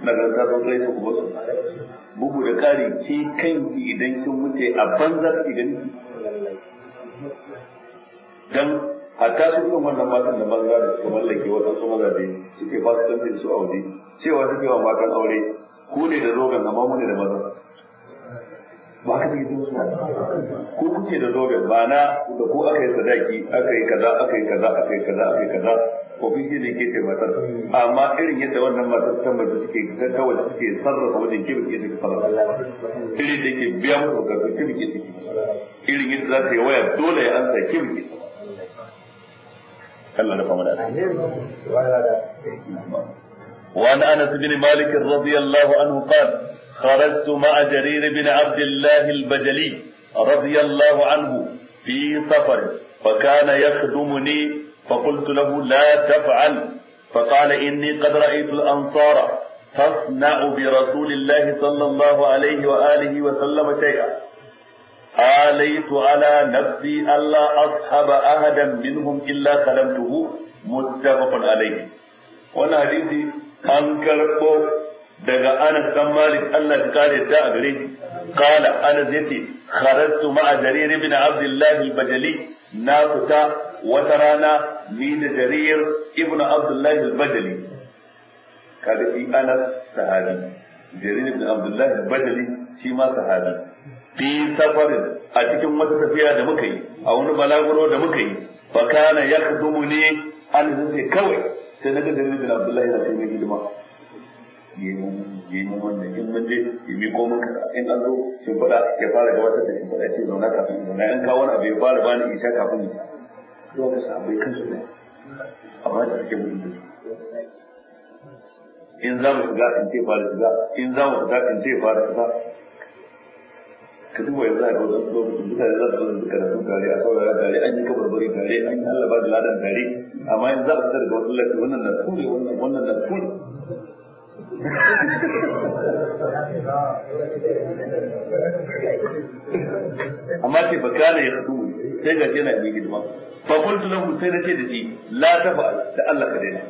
na ganin ta zo kai ta kuma su bugu da ƙari ke kanki idan kin wuce a banza kake ganin dan hatta su irin wannan matan da maza da suka mallake waɗansu mazaje suke fasikanci su aure cewa ke wa matan aure ku ne da zogan amma mu ne da maza ba ka yi musu ku kuke da zogan ba na da ku aka yi sadaki aka yi kaza aka yi kaza aka yi kaza aka yi kaza ko kun ne ke ce matar amma irin yadda wannan matar ta mace suke ta kawai suke sarrafa wajen ke bike suke sarrafa irin da ke biya musu ga ke bike suke irin yadda za ta yi waya dole ya ansa ke bike Allah rufa mana وعن انس بن مالك رضي الله عنه قال خرجت مع جرير بن عبد الله البجلي رضي الله عنه في سفر فكان يخدمني فقلت له لا تفعل فقال اني قد رايت الانصار تصنع برسول الله صلى الله عليه واله وسلم شيئا آليت على نفسي ألا أصحب أحدا منهم إلا سلمته متفق عليه وانا حديثي أنكر daga Anas dan Malik Allah ya kare a gare shi kala Anas yace kharajtu ma'a Jarir ibn Abdullah al-Bajali na fita wata rana ni da Jarir ibn Abdullah al-Bajali kaga sahabi shi ma sahabi fi safarin a cikin wata tafiya da muka yi a wani balaguro da muka yi fa kana yakdumu ni an zai kawai sai na ga jarir bin abdullahi na cikin hidima yi mun yi mun wannan in mun je yi mi ko mun kada, in an zo shin fada ya fara gabatar da shin fada ce zauna kafin zauna in kawo wani abu ya fara bani isa kafin ya zuwa ga sahabbai kansu ne amma da suke mun da in za mu shiga in ce fara shiga in za mu shiga in ce fara shiga ka duba yanzu a gaban su lokacin mutane za su zo su karatu a saurara tare an yi kabarbari tare an yi Allah ba da ladan tare amma yanzu za a fitar da wasu lafi wannan na tuni wannan na tuni amma ce ba kana ya hadu sai ga yana yi hidima fa qultu lahu sai nace da shi la tafa da Allah ka daina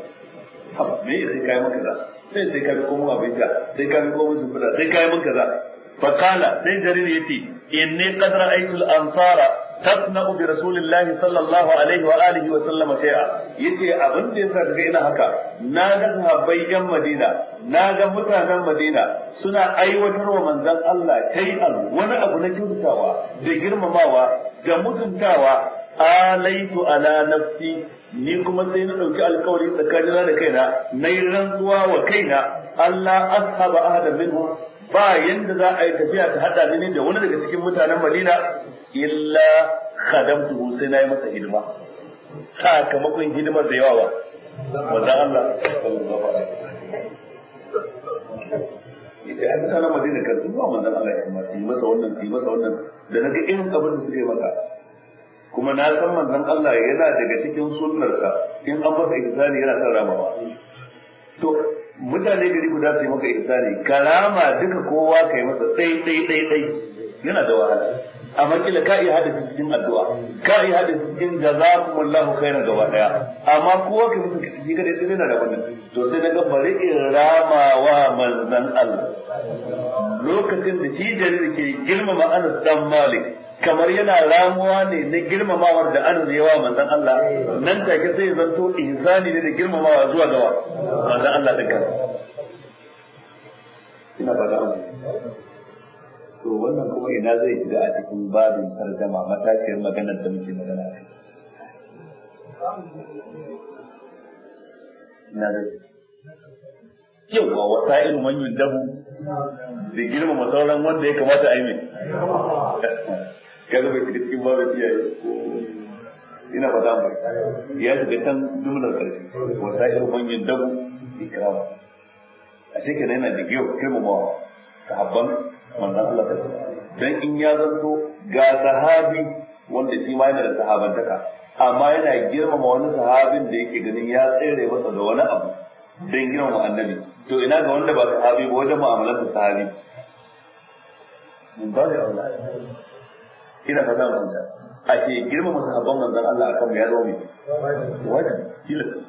me sai kai maka da sai sai kai komo abin da sai kai komo zuwa sai kai maka da فقال سي جرير يتي إني قد رأيت الأنصار تصنع برسول الله صلى الله عليه وآله وسلم شيئا يتي أبن دي سرقينا هكا ناغا صحابي يم مدينة ناغا متانا مدينة سنا أي وجر ومن ذات الله شيئا وانا أبن جرتاوا دي جرم ماوا دا متنتاوا alaitu على نفسي ni kuma sai na ɗauki alkawari na da kaina na yi rantsuwa wa kaina Allah ashaba ahada minhu ba yanda za a yi tafiya ta hada ni da wani daga cikin mutanen Madina illa khadamtu sai na yi masa hidima sakamakon hidimar da yawa wanda Allah ya alaihi ita madina kan su ba manzon Allah ya amma yi masa wannan yi masa wannan da naga irin abin da suke masa kuma na san manzon Allah yana daga cikin sunnarsa in an masa ihsani yana son ramawa to mutane gari guda su yi maka ihsani karama duka kowa kai masa dai dai dai dai yana da wahala amma kila ka iya hada cikin addu'a ka iya hada cikin jazakumullahu khairan gaba daya amma kowa kai masa cikin gari dai yana da wannan to sai daga bari in rama wa manzan Allah lokacin da shi jariri ke girmama Anas dan Malik kamar yana ramuwa ne na girmamawar da an yawa manzon Allah nan take sai zanto ihsani ne da girmamawa zuwa ga manzon Allah din kan ina ba da to wannan kuma ina zai shiga a cikin babin tarjama matashiyar maganar da muke magana ina da wata wasa'ilu manyan dabu da girmama sauran wanda ya kamata a yi mai ya zama shiga cikin babin iyaye ina ba mai ya shiga can jumlar karshe wa sa'ir manyan dabu ikirama a shi kenan yana da giyar kirmamawa sahabban manzan Allah ta dan in ya zanto ga sahabi wanda shi ma yana da sahabantaka amma yana girmama wani sahabin da yake ganin ya tsere masa da wani abu dan girmama annabi to ina ga wanda ba sahabi ba wajen mu'amalar sahabi mun ba da ina fata mun da ake girmama sahabban manzon Allah a akan ya zo mai wajibi tilas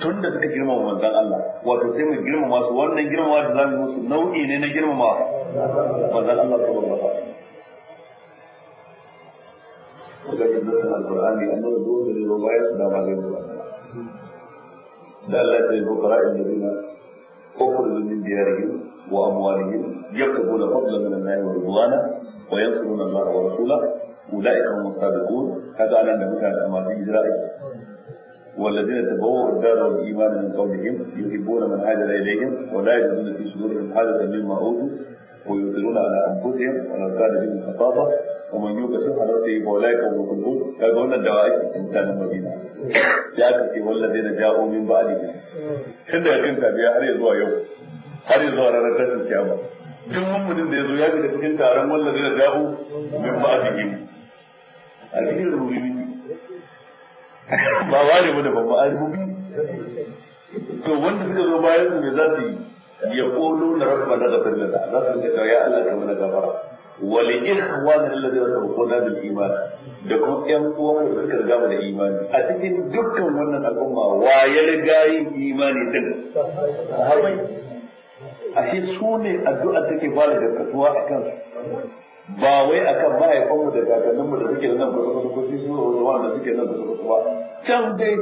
tun da suka girma manzon Allah wato sai mu girmama su wannan girma da zamu musu nau'i ne na girma ma manzon Allah sallallahu alaihi wasallam wajen da nasu alqur'ani annabi dole ne ba ya da ba zai ba da Allah ya yi qira'a alladina ukhrijuu min diyarihim wa amwalihim yaqbulu fadlan min Allah wa ridwana ويذكرون الله ورسوله أولئك هم الصادقون هذا على أن مثلا أمانة إجرائي والذين تبوأوا الدار والإيمان من قولهم يحبون من هاجر إليهم ولا يجدون في صدورهم حاجة مما أوتوا ويؤثرون على أنفسهم وعلى كان بهم خطابة ومن يوقع شح نفسه فأولئك هم الخلدون كما الدوائر الدواعي إنسان مدينة جاءت والذين جاءوا من بعدهم tun da بها tinta biya يوم ya zuwa رسالة har duk mutum da ya zo ya ga cikin taron wallazi na ja'u min ba'dihim a cikin rububi ba ware mu da babba a rububi to wanda suka zo bayan su ne za su yi ya kolo na rabba da zafin da za su ta ya Allah ka mana gafara wal ikhwan alladhina sabaquna bil iman da kuma ƴan uwan da suka riga da imani a cikin dukkan wannan al'umma wa ya riga yin imani din sahabbai ashe su ne addu'a take fara gaskatuwa a kan ba wai akan mahaifanmu da kakanninmu da suke nan kusa kusa ko su da wanda suke nan kusa kusa can dai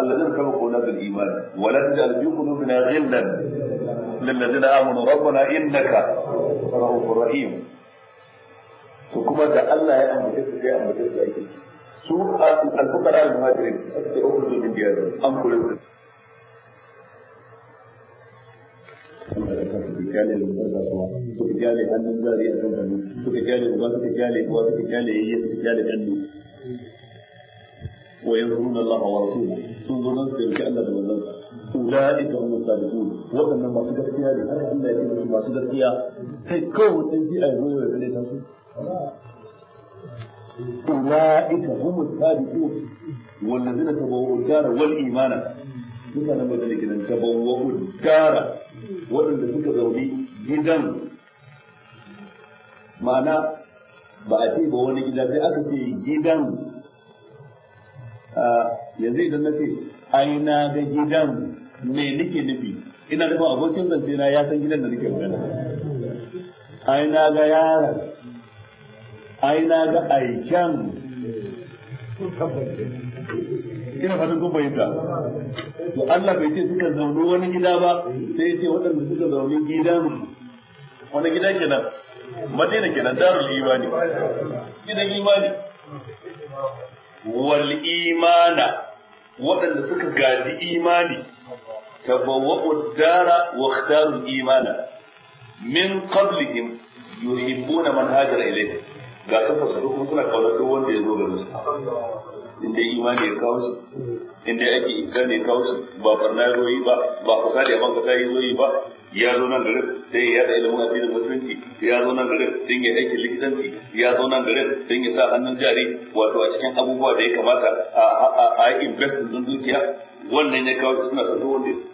الذين سبقونا بالإيمان ولا تجعل في قلوبنا غلا للذين آمنوا ربنا إنك رؤوف رحيم to kuma da Allah ya ambace su sai ambace su aiki su al-fuqara al-muhajirin sai ukhruju min diyarihim am kullu kyale lumbar zakawa suka kyale hannun zari a kan hannu suka kyale uba suka kyale uwa suka kyale yayye suka kyale kanni wa yanzuruna Allah wa rasulahu sun zo nan su dauki Allah da manzon ulaika hum sadiqun wadannan masu gaskiya ne haka Allah ya ce masu gaskiya kai kawai wata ji a yanzu ya gane ta su أولئك هم الصادقون والذين تبوؤوا الدار والإيمان مثلا بدل كده تبوؤوا الدار waɗanda suka zauni gidan ma'ana ba a ce ba wani gida sai aka ce gidan ah, yanzu idan na ce aina ga gidan me nake nufi ina nufin abokin zance na ya san gidan da nake magana ai Aina ga yara aina ga aiken ina fatan kun fahimta to Allah bai ce suka zaune wani gida ba sai ya ce waɗanda suka zaune gidan wani gida kenan madina kenan darul imani gidan imani wal imana waɗanda suka gaji imani tabawwa'u dara wa ikhtaru imana min qablihim yuhibbuna man hajara ilayhim ga sun fasadu kuma suna kaunar duk wanda ya zo garin su inda imani ya kawo inda ake ne kawo ba barna zoyi ba ba kusa da yaban kasa yi zoyi ba ya zo nan garin sai ya da ilimin addinin musulunci ya zo nan garin don ya aikin likitanci ya zo nan garin don ya sa hannun jari wato a cikin abubuwa da ya kamata a a a invest din dukiya wannan ya kawo suna sanu wanda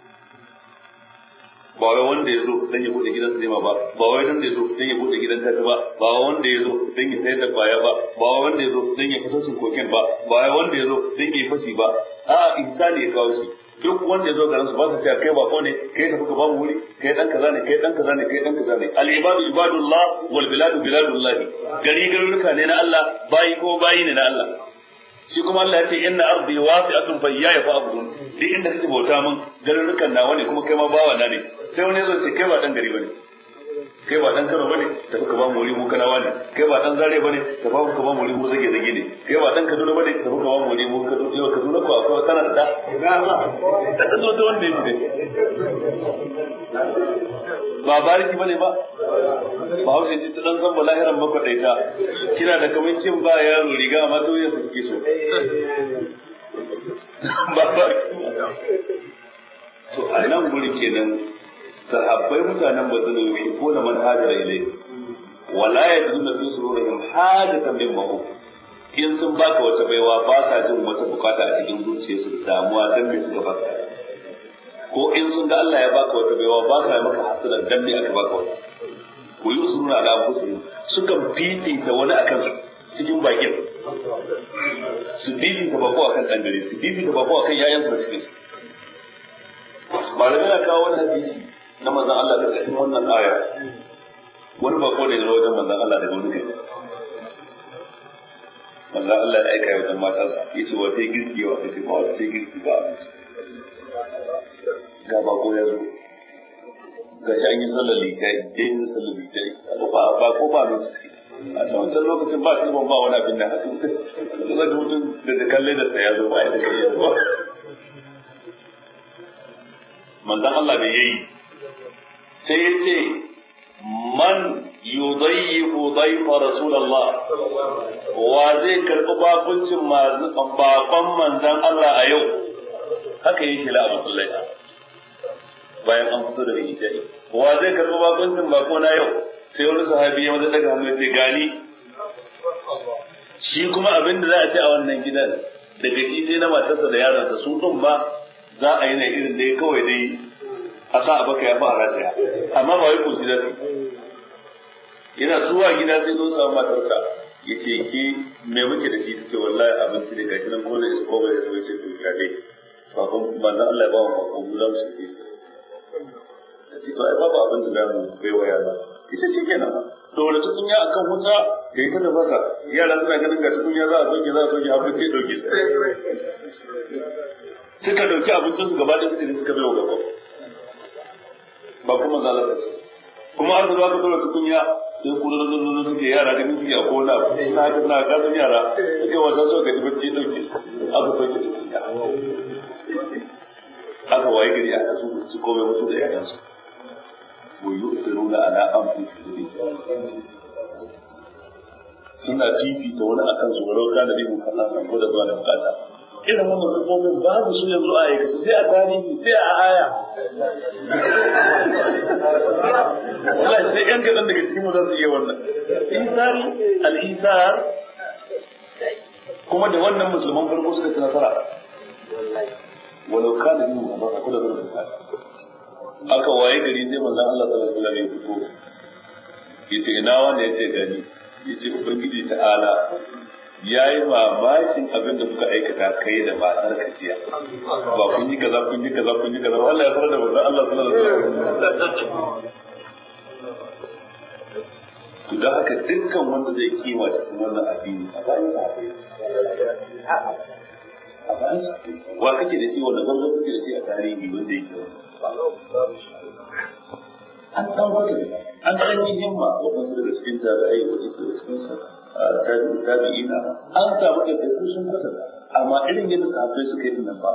ba wai wanda ya zo dan ya bude gidan sinima ba ba wai wanda ya zo dan ya bude gidan tata ba ba wanda ya zo dan ya sayar da baya ba ba wanda ya zo dan ya fito cin koken ba ba wanda ya zo dan ya fashi ba a insani ya kawo shi duk wanda ya zo garin su ba su cewa kai bako ne kai ka kuka bamu wuri kai dan kaza ne kai dan kaza ne kai dan kaza ne al ibadu ibadullah wal biladu biladullah gari garuruka ne na Allah bayi ko bayi ne na Allah shi kuma Allah ya ce inna ardi wasi'atun fa iyaya fa'budun duk inda kake bauta min garurukan nawa ne kuma kai ma bawa na ne sai wani zo ce kai ba dan gari bane kai ba dan Kano bane tafi kuka ba mu mu Kanawa ne kai ba dan Zare bane tafi kuka ba mu mu zage zage ne kai ba dan Kaduna bane tafi kuka ba mu mu Kaduna yau Kaduna ko akwai tana da da ta zo da wanda ya shige ba bariki bane ba ba hausa shi ta dan san ba lahiran makwadaita kina da kamar kin ba yaro riga amma to ya suke so ba ba to a nan gurin kenan sahabbai mutanen ba da yake ko na manhajar ilai wala ya ji na su rurin hajatan min mako in sun baka wata baiwa ba sa jin wata bukata a cikin su damuwa dan me suka baka ko in sun ga Allah ya baka wata baiwa ba sa maka hasada dan me aka baka wata ko yi su nuna su anfusihim sukan ta wani akan su cikin bakin su ta bako akan dangare su ta bako akan yayansu su suke su ba da kawo wani hadisi na manzan Allah da ƙarshen wannan aya wani bako da ya zo wajen manzan Allah daga wani gari manzan Allah ya aika wajen mata matarsa ya ce wata girki wa ta ce ba wata girki ba a ga bako ya zo ga shi an yi sallar lisai ya yi sallar lisai ba ba ko ba lokaci a wancan lokacin ba kirman ba wani abin da haka zai mutum da ta kalle da saya zo ba ya da kalle ya manzan Allah da ya yi sai ya ce man yudayyifu dayfa rasulullah wa zai karɓi bakuncin bakon manzon Allah a yau haka yi shela a masallaci bayan an fito daga hijabi wa zai karɓi bakuncin bako na yau sai wani sahabi ya daga hannu ya ce gani shi kuma abin da za a ce a wannan gidan daga shi sai na matarsa da yaransa su ɗin ba za a yi na irin dai kawai dai a sa a baka ya fi a rataya amma ba wai kunshi da su yana zuwa gida sai zo samu matarsa ya ce ke me muke da shi ta ce wallahi abinci ne gashi nan kuma ko bai so ce to ya dai babban manzo Allah ya ba mu ko mu zamu shi ta ce to ba babu abin da zamu bai waya ba ita ce kenan dole tukunya akan wuta da ita da fasa yara suna ganin ga tukunya za a soke za a soke har sai dauke suka dauki abincin su gaba da suka suka bai wa gaba ba kuma zalar da kuma har da za ka dora tukunya sai ku zo zo suke yara da suke a kona na na ka san yara suke wasa so ka dubacci dauke aka soke tukunya aka waye gari aka su su komai musu da yayan su wa yu'tiruna ala anfusihim suna fifita wani akan su walau kana bihim kallasan ko da zuwa da bukata irin wannan sufofin babu su yanzu a aikace sai a tarihi sai a aya sai yan daga cikin mu za iya wannan isar Al-Isar kuma da wannan musulman farko suka ci nasara walau kana ba da aka waye gari sai manzon Allah sallallahu alaihi ya fito yace ina ya yi mamakin abin da kuka aikata kai da matar ka jiya ba kun yi kaza kun yi kaza kun yi kaza Allah ya fara da manzon Allah sallallahu da wasallam da haka dukkan wanda zai kima cikin wannan addini a bayan sa a bayan sa wa kake da shi wanda gwamnati kake da shi a tarihi wanda yake an dan wata an san yi himma wadansu daga cikin jami'ai wadansu daga cikin sarki tabi'ina an samu ɗaiɗaiku sun kwatanta amma irin yadda sahabbai suka yi tunan ba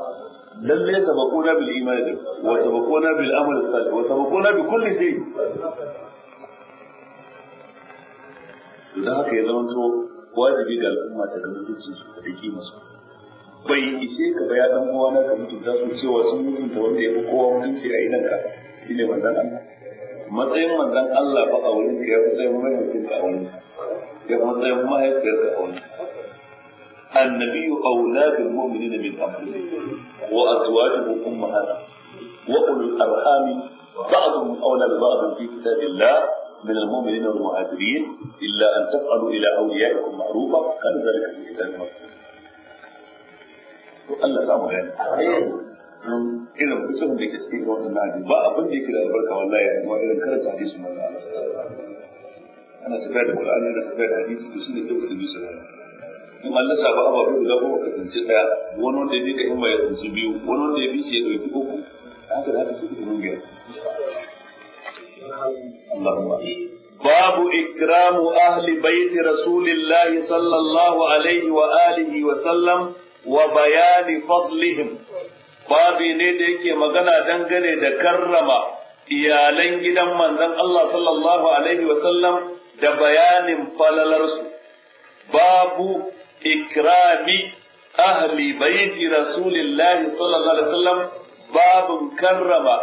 lalle sabakuna bil imani wa sabakuna bil amal salih wa sabakuna bi kulli shay da haka ya zama to wajibi ga al'umma ta ga mutunci su da kima su bai ishe ka ba ya dan uwa na ka mutunta su cewa sun mutunta wanda ya fi kowa mutunci a idan ka shine manzon Allah matsayin manzon Allah ba a wurin ka ya fi tsayin mai mutunta a wurin ka يقول ما هي غير النبي اولاد المؤمنين من قبل وازواجه أمهاته واولو الارحام بعضهم اولى ببعض في كتاب الله من المؤمنين والمهاجرين الا ان تفعلوا الى اوليائكم معروفا كان ذلك في كتاب الله. وقال سامو نعم. إذا بتسهم بكسكي وقت ما عندي بقى بدي كده البركة والله يعني ما إذا كانت حديث من الله ana tafiya da Qur'ani ana tafiya da hadisi to shine sai ka dubi su in Allah sa ba ababe guda ko ka tsinci daya wani wanda ya bi ka in ma ya tsinci biyu wani wanda ya bi shi ya dauki uku haka da haka sai ka mun gaya Allahumma باب إكرام أهل بيت رسول الله صلى الله wa sallam wa bayani فضلهم babi ne da yake magana dangane da karrama iyalan gidan manzon Allah sallallahu alaihi wa sallam. da bayanin falalarsu babu ikrami ahli baiti rasulillahi sallallahu alaihi wasallam babun karrama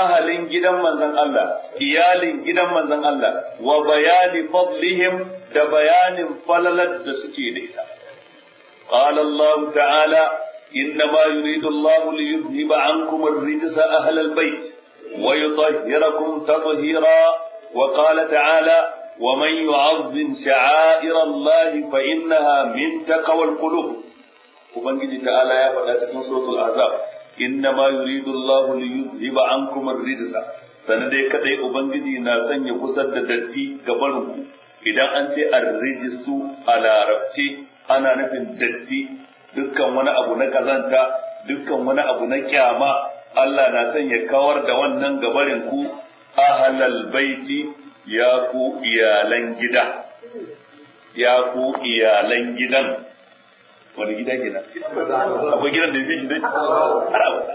ahalin gidan manzon Allah iyalin gidan manzon Allah wa bayani fadlihim da bayanin falalar da suke da ita qala Allah ta'ala inna ma yuridu Allah li yuzhiba ankum ar-rijsa ahla al-bayt wa yutahhirakum tatheera wa qala ta'ala ومن يعظم شعائر الله فإنها من تقوى القلوب وبنجد تعالى يا فلاسة سورة الأعزاب إنما يريد الله ليذهب عنكم الرجس sanadai kadai Ubangiji na sanya kusan da datti gabaninku idan an ce a arrijisu a larabce ana nufin datti dukkan wani abu na kazanta dukkan wani abu na kyama Allah na sanya kawar da wannan gabarinku ahalal baiti ya ku iyalan gida ya ku iyalan gidan wani gida kenan akwai gidan da ya shi ne har abada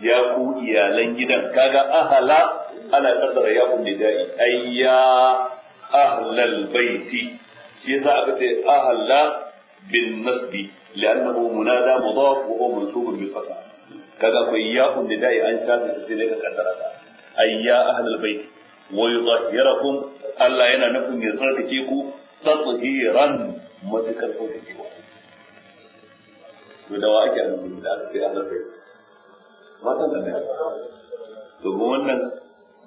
ya ku iyalan gidan kaga ahala ana kaddara ya ku ne da'i ai ya ahlal baiti shi yasa aka ce ahalla bin nasbi li'annahu munada mudaf wa huwa mansubun bil fatha kaga akwai ya ku ne da'i an shafe ta sai daga kaddara ta ai ya ahlal baiti wa yudhhirakum Allah yana nufin ya tsarkake ku tadhiran matakar tsarkake ku to da wa ake annabi da aka sai Allah sai matan da ne domin wannan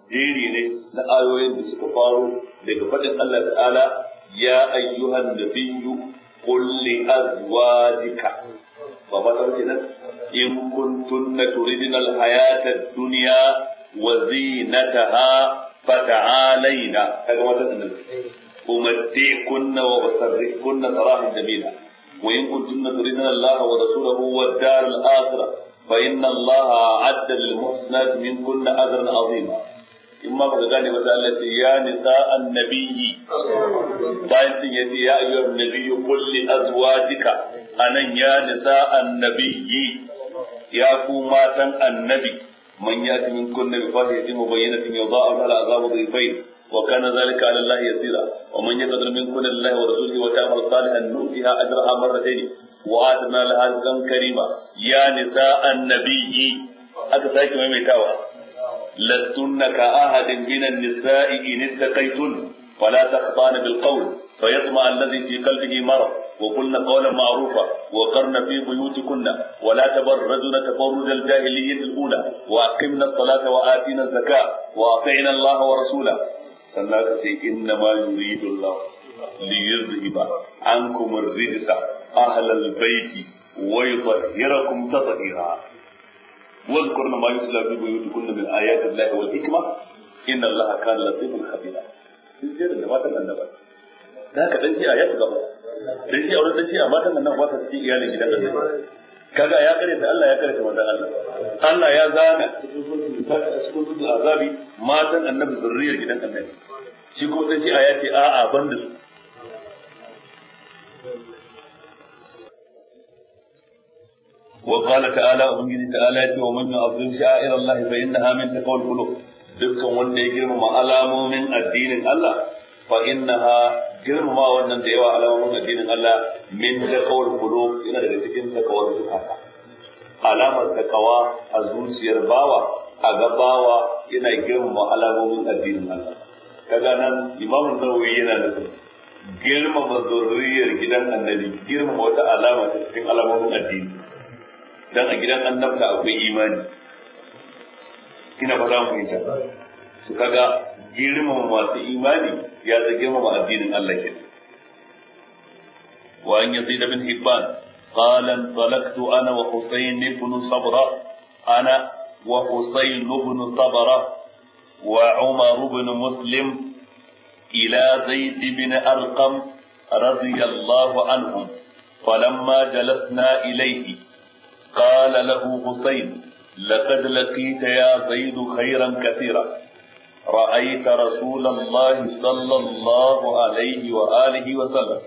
jeri ne na ayoyin da suka faro daga faɗin Allah ta'ala ya ayyuhan nabiyyu qul li azwajika ba ba dauke nan in kuntunna hayata fata'alaina kaga wata sanin umattikunna wa usarrikunna sarahan jamila wa in kuntunna turidna Allah wa rasulahu wad dar al akhirah fa inna Allah a'adda lil muhsinat minkunna ajran azima imma ba gane ba Allah ce ya nisa annabiyyi bayan sun yace ya anan ya nisa annabiyyi ya matan annabi من يأتي منكن بفاحشة مبينة يضاعف على عذاب ضيفين وكان ذلك على الله يسيرا ومن يقدر منكن لله ورسوله وتعمل صالحا نؤتها أجرها مرتين وآتنا لها رزقا كريما يا نساء النبي أكثر ما يميتاوا لستن كأحد من النساء إن اتقيتن ولا تخطان بالقول فيطمع الذي في قلبه مرض وقلن قولا معروفا وقرن في بيوتكن ولا تبرجن تبرج الجاهلية الأولى وأقمنا الصلاة وآتينا الزكاة وأطعنا الله ورسوله سناك في إنما يريد الله ليذهب عنكم الرجس أهل البيت ويطهركم تطهيرا واذكرن ما يتلى في بيوتكن من آيات الله والحكمة إن الله كان لطيفا خبيرا. في الجنة ما annabawa. ذاك الذي dan shi Da shi auren dan shi a matan nan ba ta cikin iyalin gidan nan kaga ya kare ta Allah ya kare ta manzon Allah Allah ya zana cikin sunan azabi matan annabi zurriyar gidan annabi shi ko dan shi aya ce a'a ban da su وقال تعالى أبنجي تعالى ومن يعظم شعائر الله فإنها من تقوى القلوب dukkan wanda ya girma ma'alamomin addinin Allah fa innaha girmama wannan da yawa alamomin addinin Allah min taqawul qulub ina daga cikin taqawul zukata alamar taqawa a zuciyar bawa a gabawa ina girmama alamomin addinin Allah kaga nan imamu nawawi yana da girmama zuriyar gidan annabi girmama wata alama ta cikin alamomin addini dan a gidan annabta akwai imani ina za mu ita su kaga girmama masu imani ya zage ma addinin Allah ke wa an yazid bin hibban qala talaqtu ana wa husayn ibn sabra ana wa husayn ibn sabra wa umar ibn muslim ila zaid bin arqam رضي الله عنهم فلما جلسنا إليه قال له حسين لقد لقيت يا زيد خيرا كثيرا رأيت رسول الله صلى الله عليه وآله وسلم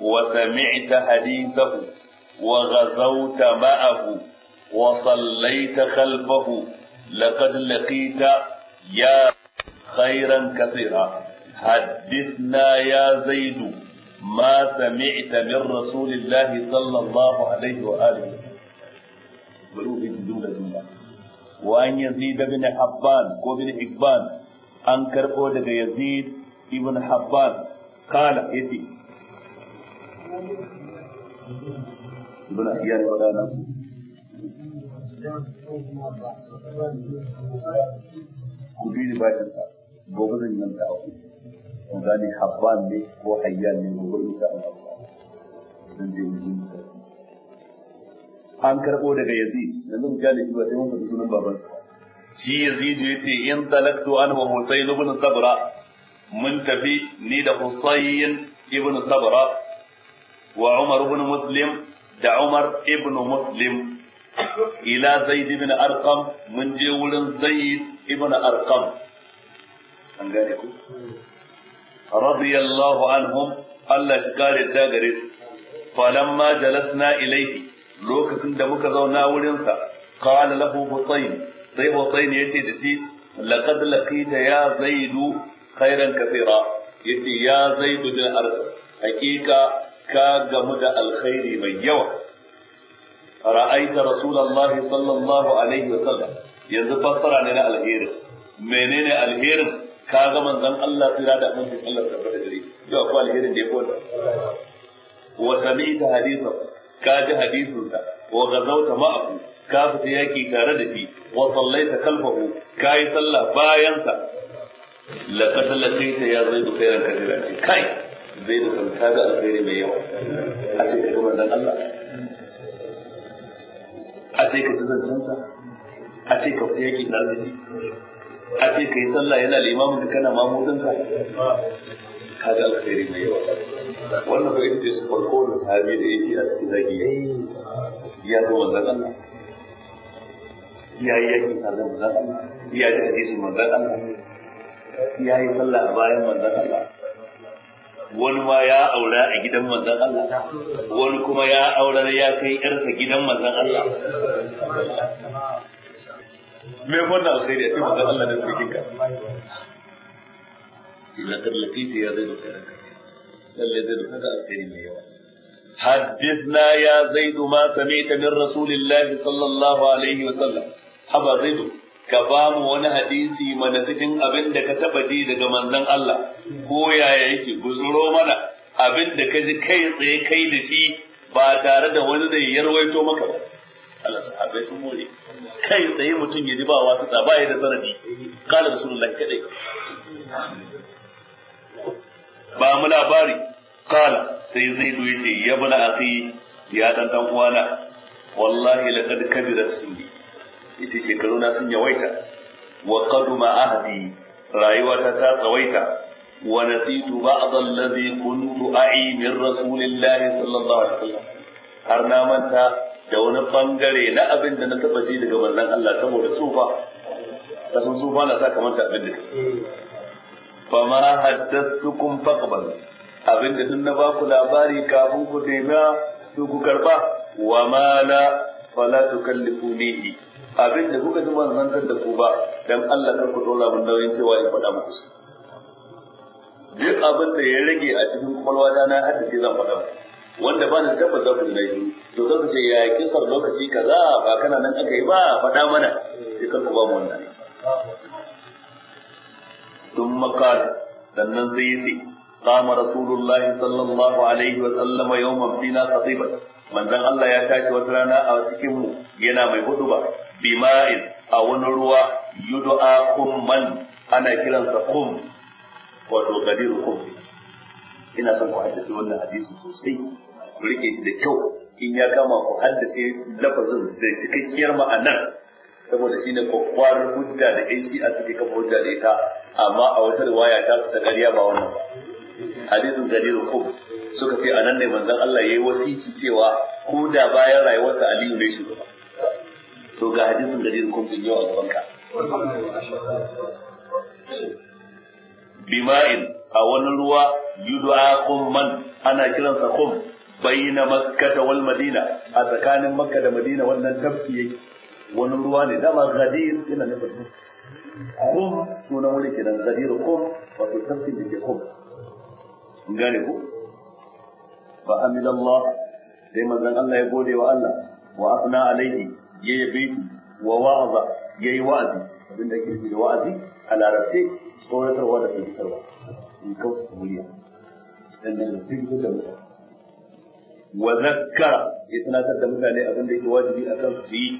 وسمعت حديثه وغزوت معه وصليت خلفه لقد لقيت يا خيرا كثيرا حدثنا يا زيد ما سمعت من رسول الله صلى الله عليه وآله وسلم وأن يزيد بن حبان وابن حبان an karbo daga yazid ibn habban kala yace ibn iya ne wadana ku bi ni bayan ta gobe zan yi ta ku gane habban ne ko hayyan ne gobe in sha Allah zan je yi an karbo daga yazid yanzu mu kyale shi ba sai mun faɗi sunan babansa shi yazidu ce, in an wa husayn ibn sabra mun tafi ni da husayn ibn sabra wa umar ibn muslim da umar ibn muslim ila zaid ibn arqam mun je wurin zaid ibn arqam an gane ku radiyallahu anhum Allah shi kare ta gare su falamma jalasna ilayhi lokacin da muka zauna wurin sa qala lahu husayn sai ya ce da shi laqad laqita ya zaidu khairan kathira yace ya zaidu bin arqam hakika ka gamu da alkhairi mai yawa ra'aita rasulullahi sallallahu alaihi wasallam yanzu fassara ne na alheri menene alherin ka ga manzon Allah tsira da mun cikin Allah tabbata gare yau ko alherin da ya koda wa sami'ta hadithan ka ji hadisin sa wa gazauta ma'ahu ka fita yaki tare da shi wa sallaita kalfahu ka yi sallah bayansa laqad laqaita ya zaidu khairan kadira kai zaidu kan kaga alkhairi mai yawa a ce ka ga dan Allah a ce ka ji zancansa a ce ka fita yaki tare da shi a ce ka yi sallah yana ka kana mamudinsa alkhairi mai yawa wannan su farko da sahabi da ya zo manzon Allah ya yi yakin Allah ya ji hadisin sallah a bayan Allah wani ma ya aura a gidan manzon Allah wani kuma ya ya kai yarsa gidan Allah me wannan Allah da sukinka ila tarlaqiti ya zai da kanka lalle zai da kanka mai yawa حدثنا يا زيد ما سمعت من رسول الله صلى الله عليه وسلم حبا زيد كبام وانا حديثي من سكن أبن دك تبجي دك من دن الله هو يا يكي بزرو منا أبن دك جي كي تي كي دشي ba tare da wani da ya rawaito maka ba Allah sahabbai sun more kai tsaye mutum ya ji ba wasu da ba ya da sanadi qala rasulullahi kadai ba mu labari qala sai zaidu yace ya bana akhi ya dan dan uwana wallahi laqad kabirat sinni yace shekaru na sun yawaita wa qaduma ahdi rayuwata ta tsawaita wa ba ba'd alladhi kuntu a'i min rasulillahi sallallahu alaihi wasallam har na manta da wani bangare na abin da na taba ji daga manzon Allah saboda tsufa kasan tsufa na sa kamar ta abin da kake fama haddathukum faqbalu abin da na ba ku labari kafin ku nema to ku karba wa mala fala tukallifu bihi abin da kuka ji manzantar da ku ba dan Allah kar ku dora mun nauyin cewa in faɗa muku duk abin da ya rage a cikin kwalwa da na ce zan faɗa wanda ba ni tabbata za ku ji nayi to zan ce ya kisar lokaci kaza ba kana nan aka yi ba faɗa mana sai kar ku ba mu wannan ثم makar sannan sai yi ce قام رسول الله صلى الله عليه وسلم يوما فينا خطيبا من ذن الله يا تاشي وترانا أو سكيم ينا مي هدوبا بماء أو نروى يدعى قمن أنا كلا قم wato gadir kofi ina son ku haddace wannan hadisi sosai ku rike shi da kyau in ya kama ku haddace lafazin da cikakkiyar ma'anar saboda shi ne kwakwarar hujja da yan shi'a suke kafa hujja da ita amma a wata riwaya ta su ta ƙarya ba wannan ba hadisin jarir khub suka ce anan ne manzon Allah yayi wasici cewa ko da bayan rayuwarsa Aliyu ne ba? to ga hadisin jarir khub din yau a gaban ka bima'in a wani ruwa kum man ana kiransa qum bayna makkah wal madina a tsakanin makka da madina wannan tafki yake wani ruwa ne dama gadir ina ba kum sunan wani kenan gadir kum wato tafkin da ke kum kun gane ko fa amidallah sai manzon Allah ya gode wa Allah wa afna alaihi ya yabe shi wa wa'aza yayi wa'azi abin da yake da wa'azi a larabce tsoratarwa da fahimtarwa in kausa murya dan da cikin da mutane wa zakkara ya tunatar da mutane abin da yake wajibi a kan su yi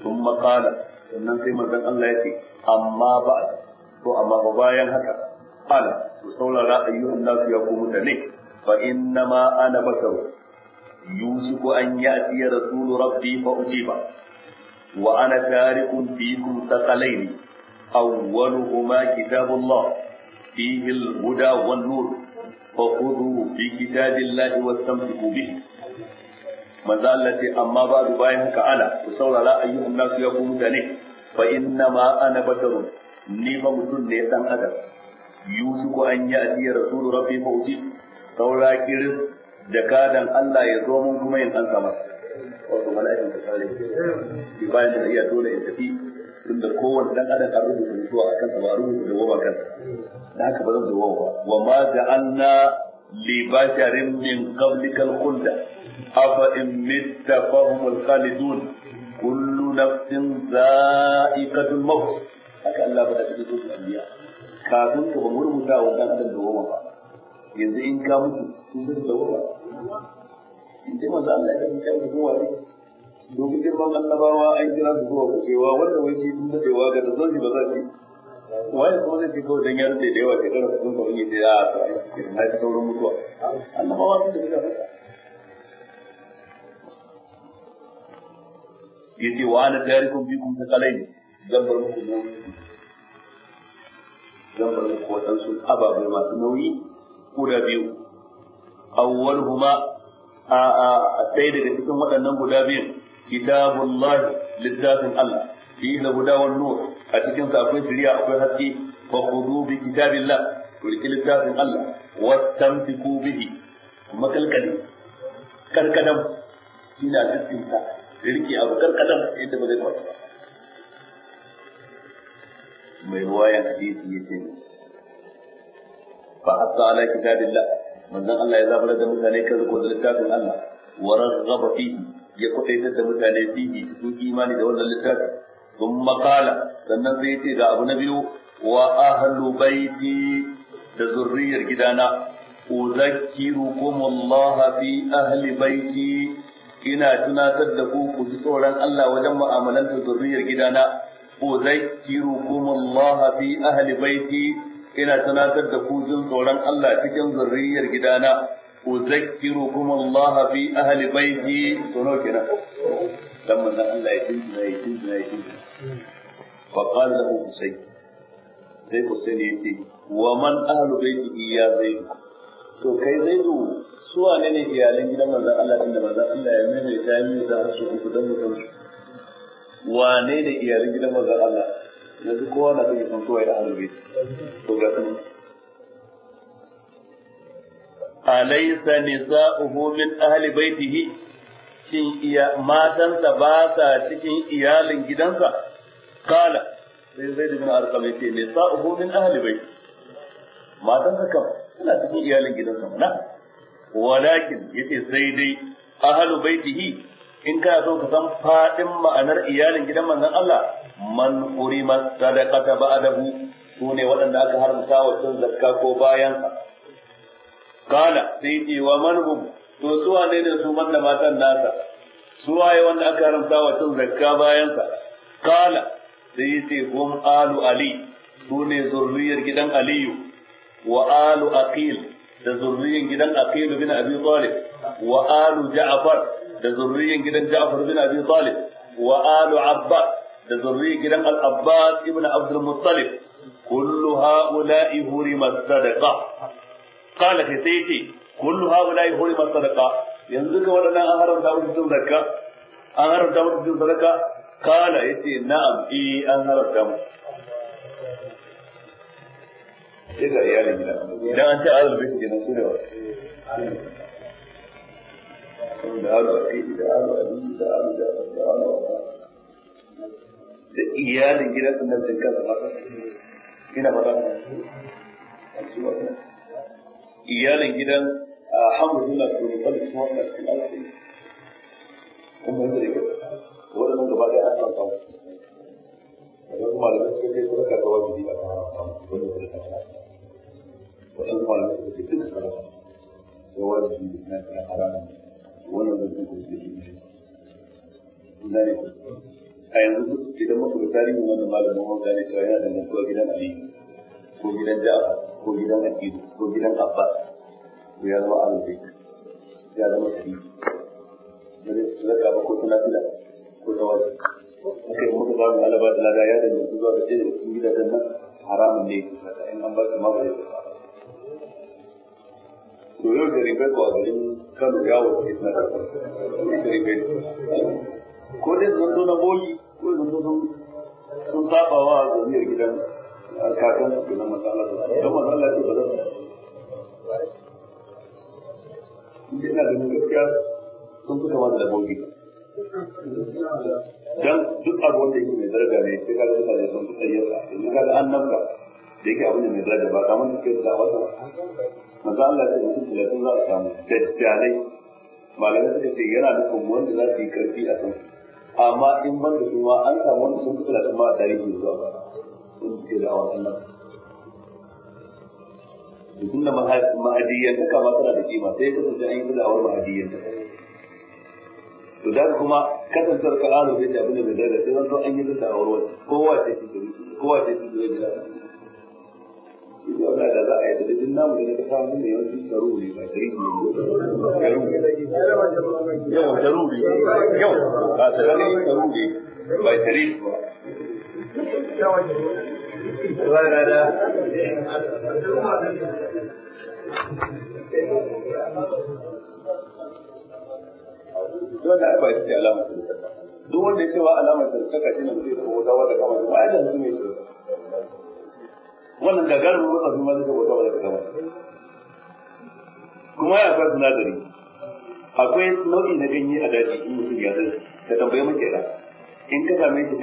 sun makala sannan sai manzon Allah ya ce amma ba to amma ba bayan haka ala ku saurara ayyuhan nasu ya ku mutane fa inna ma ana basar yusufu an ya'ti rasulu rabbi fa ujiba wa ana tarikun fiikum thaqalaini awwaluhuma kitabullah fihi al-huda wan-nur فخذوا بكتاب الله واستمسكوا به manzo Allah ce amma ba du bayan haka ala ku saurara ayyuhan nasu ya ku mutane fa inna ma ana basaru, ni fa mutum ne dan adam yusuku an yi رسول ربي موتي قولا كرس kiris da kadan Allah ya zo mun kuma yin ansa في بعض الأيات ta kare shi da iya dole in tafi dan adam an rubuta mutuwa a kan ba rubuta da wawa kansa da haka ba zan da wawa wa ma ja'alna li basharin min qablikal kunda, in kullu nafsin za'iqatul maut haka Allah kafin ka ba murmuta wa dan adam da goma ba yanzu in ka mutu sun zai da goma in dai manzo Allah ya kai ka zuwa ne lokacin ban annabawa an kira su zuwa kucewa wanda wai shi da cewa ga da zoji ba za shi waye kuma zai ce kawai dan ya rade da yawa shekara su sun yi da a na ji saurin mutuwa annabawa sun da yace wa ana tayarikum bikum takalaini zan bar muku mu zan bar muku waɗansu ababai masu nauyi guda biyu awwaluhuma a a ɗaya daga cikin waɗannan guda biyun kitabullahi littafin Allah fi da gudawan nur a cikin sa akwai shari'a akwai haske fa khudu bi kitabillah ku riki littafin Allah wastamtiku bihi makalkali karkadan ina cikin sa riki abu karkadan yadda ba zai mai ruwayan hadisi yace fa hatta ala kitabillah manzon Allah ya zabara da mutane kan riko littafin Allah wa raghaba fihi ya kudaitar da mutane fihi su imani da wannan littafi ثم قال sannan sai ce ga abu na biyu wa ahlu baiti da zurriyar gidana uzakkirukum Allah fi ahli baiti ina tunatar da ku ku ji tsoron Allah wajen mu'amalantar zurriyar gidana أذكركم الله في أهل بيتي ina tunatar da ku jin tsoron Allah cikin zurriyar gidana uzakkirukum Allah fi ahli baiti sono kenan dan manzon Allah ya tinda ya tinda ya tinda fa qala lahu usay sai wa man ahlu baiti ya zaid to kai zaidu su wane ne iyalan gidan manzon Allah inda manzon Allah ya mai da ta yi da su ku dan mutum wane ne iyalan gidan mazan Allah yanzu kowa na zai san kowa da arabi to ga sun alaysa nisa'uhu min ahli baitihi shin iya matansa ba sa cikin iyalin gidansa kala sai zai bin arqam yace nisa'uhu min ahli baiti matansa kam suna cikin iyalin gidansa mana walakin yace sai dai ahlu baitihi in kana so ka san fadin ma'anar iyalin gidan manzon Allah man hurima sadaqata ba'dahu sune waɗanda aka haramta wa sun zakka ko bayan kana sai ce wa man hum to su wane ne su manda matan nasa su waye wanda aka haramta wa sun zakka bayan sa kana sai ce hum alu ali sune zurriyar gidan aliyu wa alu aqil da zurriyar gidan aqil bin abi talib wa alu ja'far da zurriyin gidan Ja'far bin Abi Talib wa alu Abbas da zurriyin gidan Al-Abbas ibn Abdul Muttalib kullu ha'ula'i hurima sadaqa qala sai sai ce kullu ha'ula'i hurima sadaqa yanzu ga waɗannan an haramta musu jin zakka an haramta musu jin sadaka qala yace na'am eh an haramta musu sai ga iyalin gida idan an ce alal bai kenan su da wata da alu a kai da alu a duk da alu da alu da alu da iyalin gidan sun nan zinka da mata ina fata iyalin gidan a hamdu suna turban su wannan sun alaƙi kuma da yau gaba ɗaya an san samu waɗansu kuma suka ce suka karɓa wajibi a wani wani waɗansu malamai suka ce suka karɓa wajibi na wannan zancen ko su shi a yanzu idan muka ga tarihin wannan malamin mun gane cewa yana gidan ali ko gidan ko gidan ko gidan abbas ko ya zama ya zama da su zaka ba ko tana fila ko muka da lada ya zuwa nan haramun ne an ba su to yau jaribe ko a garin kano yawon da ita da jaribe ko dai zan zo na bogi ko zan zo sun saba wa zamiyar gidan kakan su na matsala don matsala ce ba za su ina ganin gaskiya sun fi kama da bogi dan duk abu da yake mai daraja ne sai ka ga mutane sun fi tsayyarsa yanzu ka ga annabta da yake abu ne mai daraja ba kamar da ke da wata maza Allah ce mutum talatin za a samu dajjalai malamai suka ce yana nufin wanda za su yi karfi a kan amma in ban da su an samu wanda sun fi talatin ma a tarihi zuwa ba sun ce da awasan nan tun da mahadiyyantaka kama tana da kima sai ya kasance an yi ta da'awar ta. to da kuma kasancewa ka alo bai da abin da bai da sai zan an yi ta da'awar wani kowa ce kowa ce ta zai da wanda da za a yi da namu da na kasa mun ne yawanci tsaro ne ba shari'i ne yau tsaro ne yau ba tsaro ne tsaro ne ba shari'i da. Duk wanda ya ce wa alamar shi ne tafi wata wata kamar wannan gagarin ruwa su ma suka bauta wani kama kuma ya akwai sinadari akwai nau'i na ganye a daji in mutum ya zai ka tambayi kera in ka same shi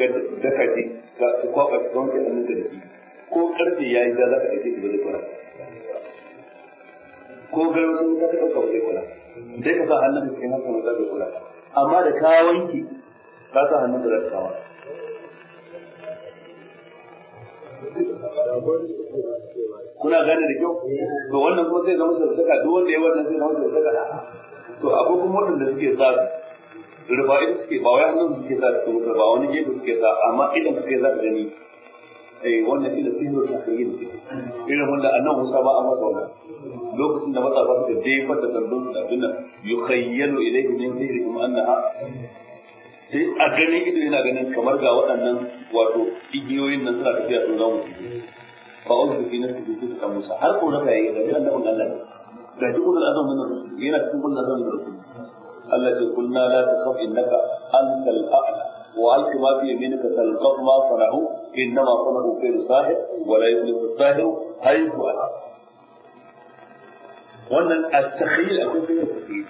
daka shi ka kwakwa shi kawai hannun ka jiki ko karfe ya yi zaza, ka aike shi ba zai kwana ko garwacin ka ta ɗauka ba zai kwana dai ka sa hannun ka cikin hakan ba zai kwana amma da ka wanki ka sa hannun da za ta kama kuna gane da kyau to wannan kuma zai zama sautaka duk wanda ya wannan zai zama sautaka to abu kuma waɗanda suke sa rufa ita suke ba wai hannun suke sa su mutu ba wani gefe suke sa amma idan suke za ka gani eh wannan shi da sihir da aka yi da irin wanda annan musa ba a masa wannan lokacin da matsafa suka jefa da sandun da abin nan yukhayyalu ilayhi min sihrihim annaha sai a ganin ido yana ganin kamar ga waɗannan wato igiyoyin nan suna tafiya sun zama mutum ba a wasu fi na su su ta musa har ko raka da ran da Allah ga shi kullun azan min rasul yana cikin kullun azan min rasul Allah ce kunna la takhaf innaka antal a'la wa alqi ma fi yaminika talqaf ma farahu innama farahu fi sahib wa la yuflihu sahib haythu ala wannan at-takhyil akwai fi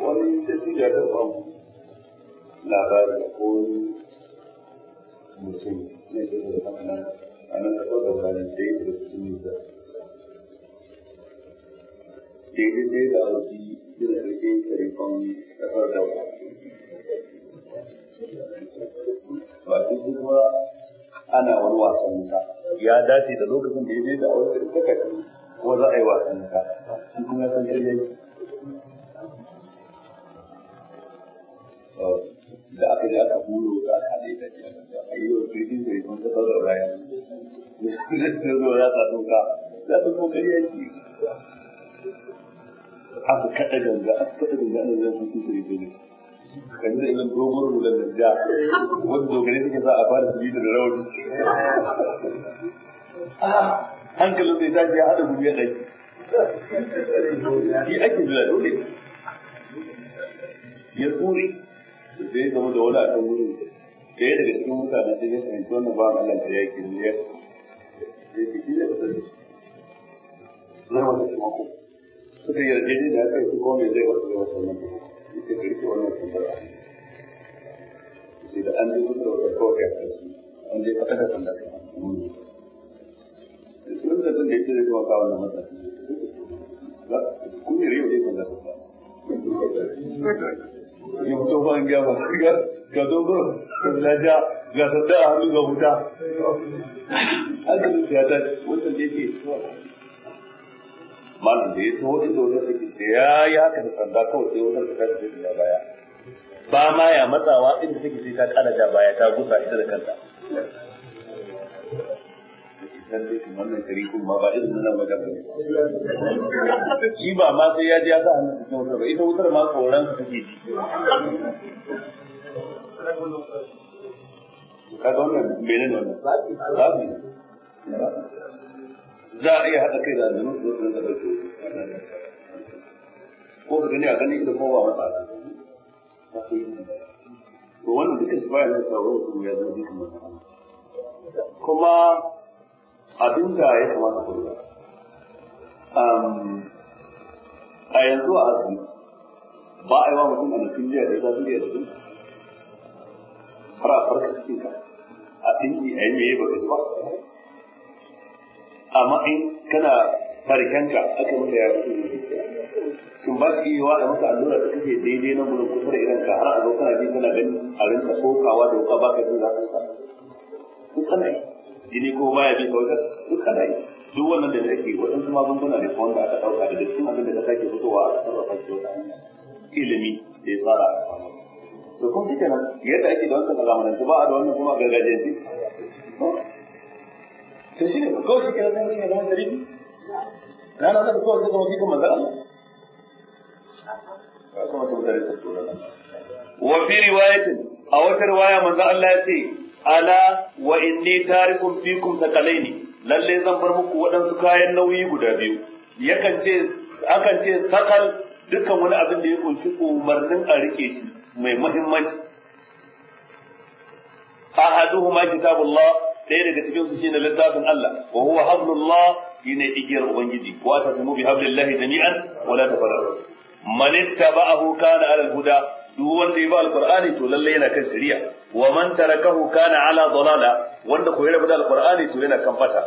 wani tafiya da rabon labarin ko mutum na jirgin hana a nan taɓa gabanin da ya ke su ne da daidai da wasu yana da ke tarifan tafar da ba su kuma ana wani wasan wuta ya dace da lokacin da ya da wasu wasu kuma za a yi wasan wuta kuma ya san jirgin da aka ji aka huro da aka haɗe da shi a yi wa sirgin da yawan ta sauran raya na ta zo za ta doka za ta doka yanki aka kaɗa ganga aka kaɗa ganga ana zai sun kusuri gani kan da ilan dogon rular da ja wanda dogare suke za a fara su da rawar hankalin zai tashi ya haɗa gudu ya ɗaki shi ake jira dole ya tsuri da sai game da wani akan wurin ɗaya daga cikin mutane sai ya fahimci wannan ba Allah ya yake ne ya ce da ne da na wata taimako suka yarje ne da aka yi ko mai zai wasu da wasu nan ita karki wannan tambaya sai da an ji musu da wata kawai ya karki an je faɗa da sanda kai da su da sun da yake zai kuma kawo wannan matashi kun yi rewa ne kan zafi ba ya fito ba an gyama ga dogon ga ja ga da a hannu ga wuta azu ya ta wannan da yake malam da ya so wani dole sakin da ya ya ka da sanda kawai sai wutar ta ta ya baya ba ma ya matsawa inda take sai ta kala da baya ta gusa ita da kanta lallai wannan ba irin nan wajen ba shi ba ma sai ya ji ya ba ita wutar ma su take ci wannan menene wannan zabi za a iya haɗa kai da su ko ka gani a gani ita ba to wannan su bayan da ya zo kuma abin da ya kamata ku lura a yanzu a asibiti ba a yi wa mutum a nufin jiya da ya zafi da jikin har a farka cikin ka a tsinki a yi meye ba ka zuba, amma in kana farkenka aka maka ya fito sun ba su yi wa da maka allura da kake daidai na gudun kusa da ka, har a zo kana ji kana gani a rinka sokawa da wuka ba ka jin zafin sa duk kana yi jini ko baya bi kawai duk kana yi duk wannan da kuma waɗansu magunguna ne wanda aka dauka da cikin abin da ka sake fitowa aka sarrafa shi wata hanya ilimi da ya tsara to kuma shi kenan yadda ake da wannan alamananci ba a da wannan kuma a gargajiyanci to shi ne ko shi kenan sai mutum ya zama sharifi na na zaka kawai sai zama cikin manzan Allah kuma ta mutane ta wa fi riwayatin a wata riwaya manzo Allah ya ce ala wa inni tarikum fikum thaqalaini lalle zan bar muku waɗansu kayan nauyi guda biyu yakan ce akan ce thaqal dukkan wani abin da ya kunshi umarnin a rike shi mai muhimmanci ahaduhuma kitabullah ɗaya daga cikin su shine littafin Allah wa huwa hablullah shine igiyar ubangiji wa tasmu bi hablillahi jami'an wa la tafarraqu man ittaba'ahu kana ala al duk wanda ya ba alqur'ani to lalle yana kan shari'a wa man tarakahu kana ala dalala wanda ko ya rabu da alqur'ani to yana kan fata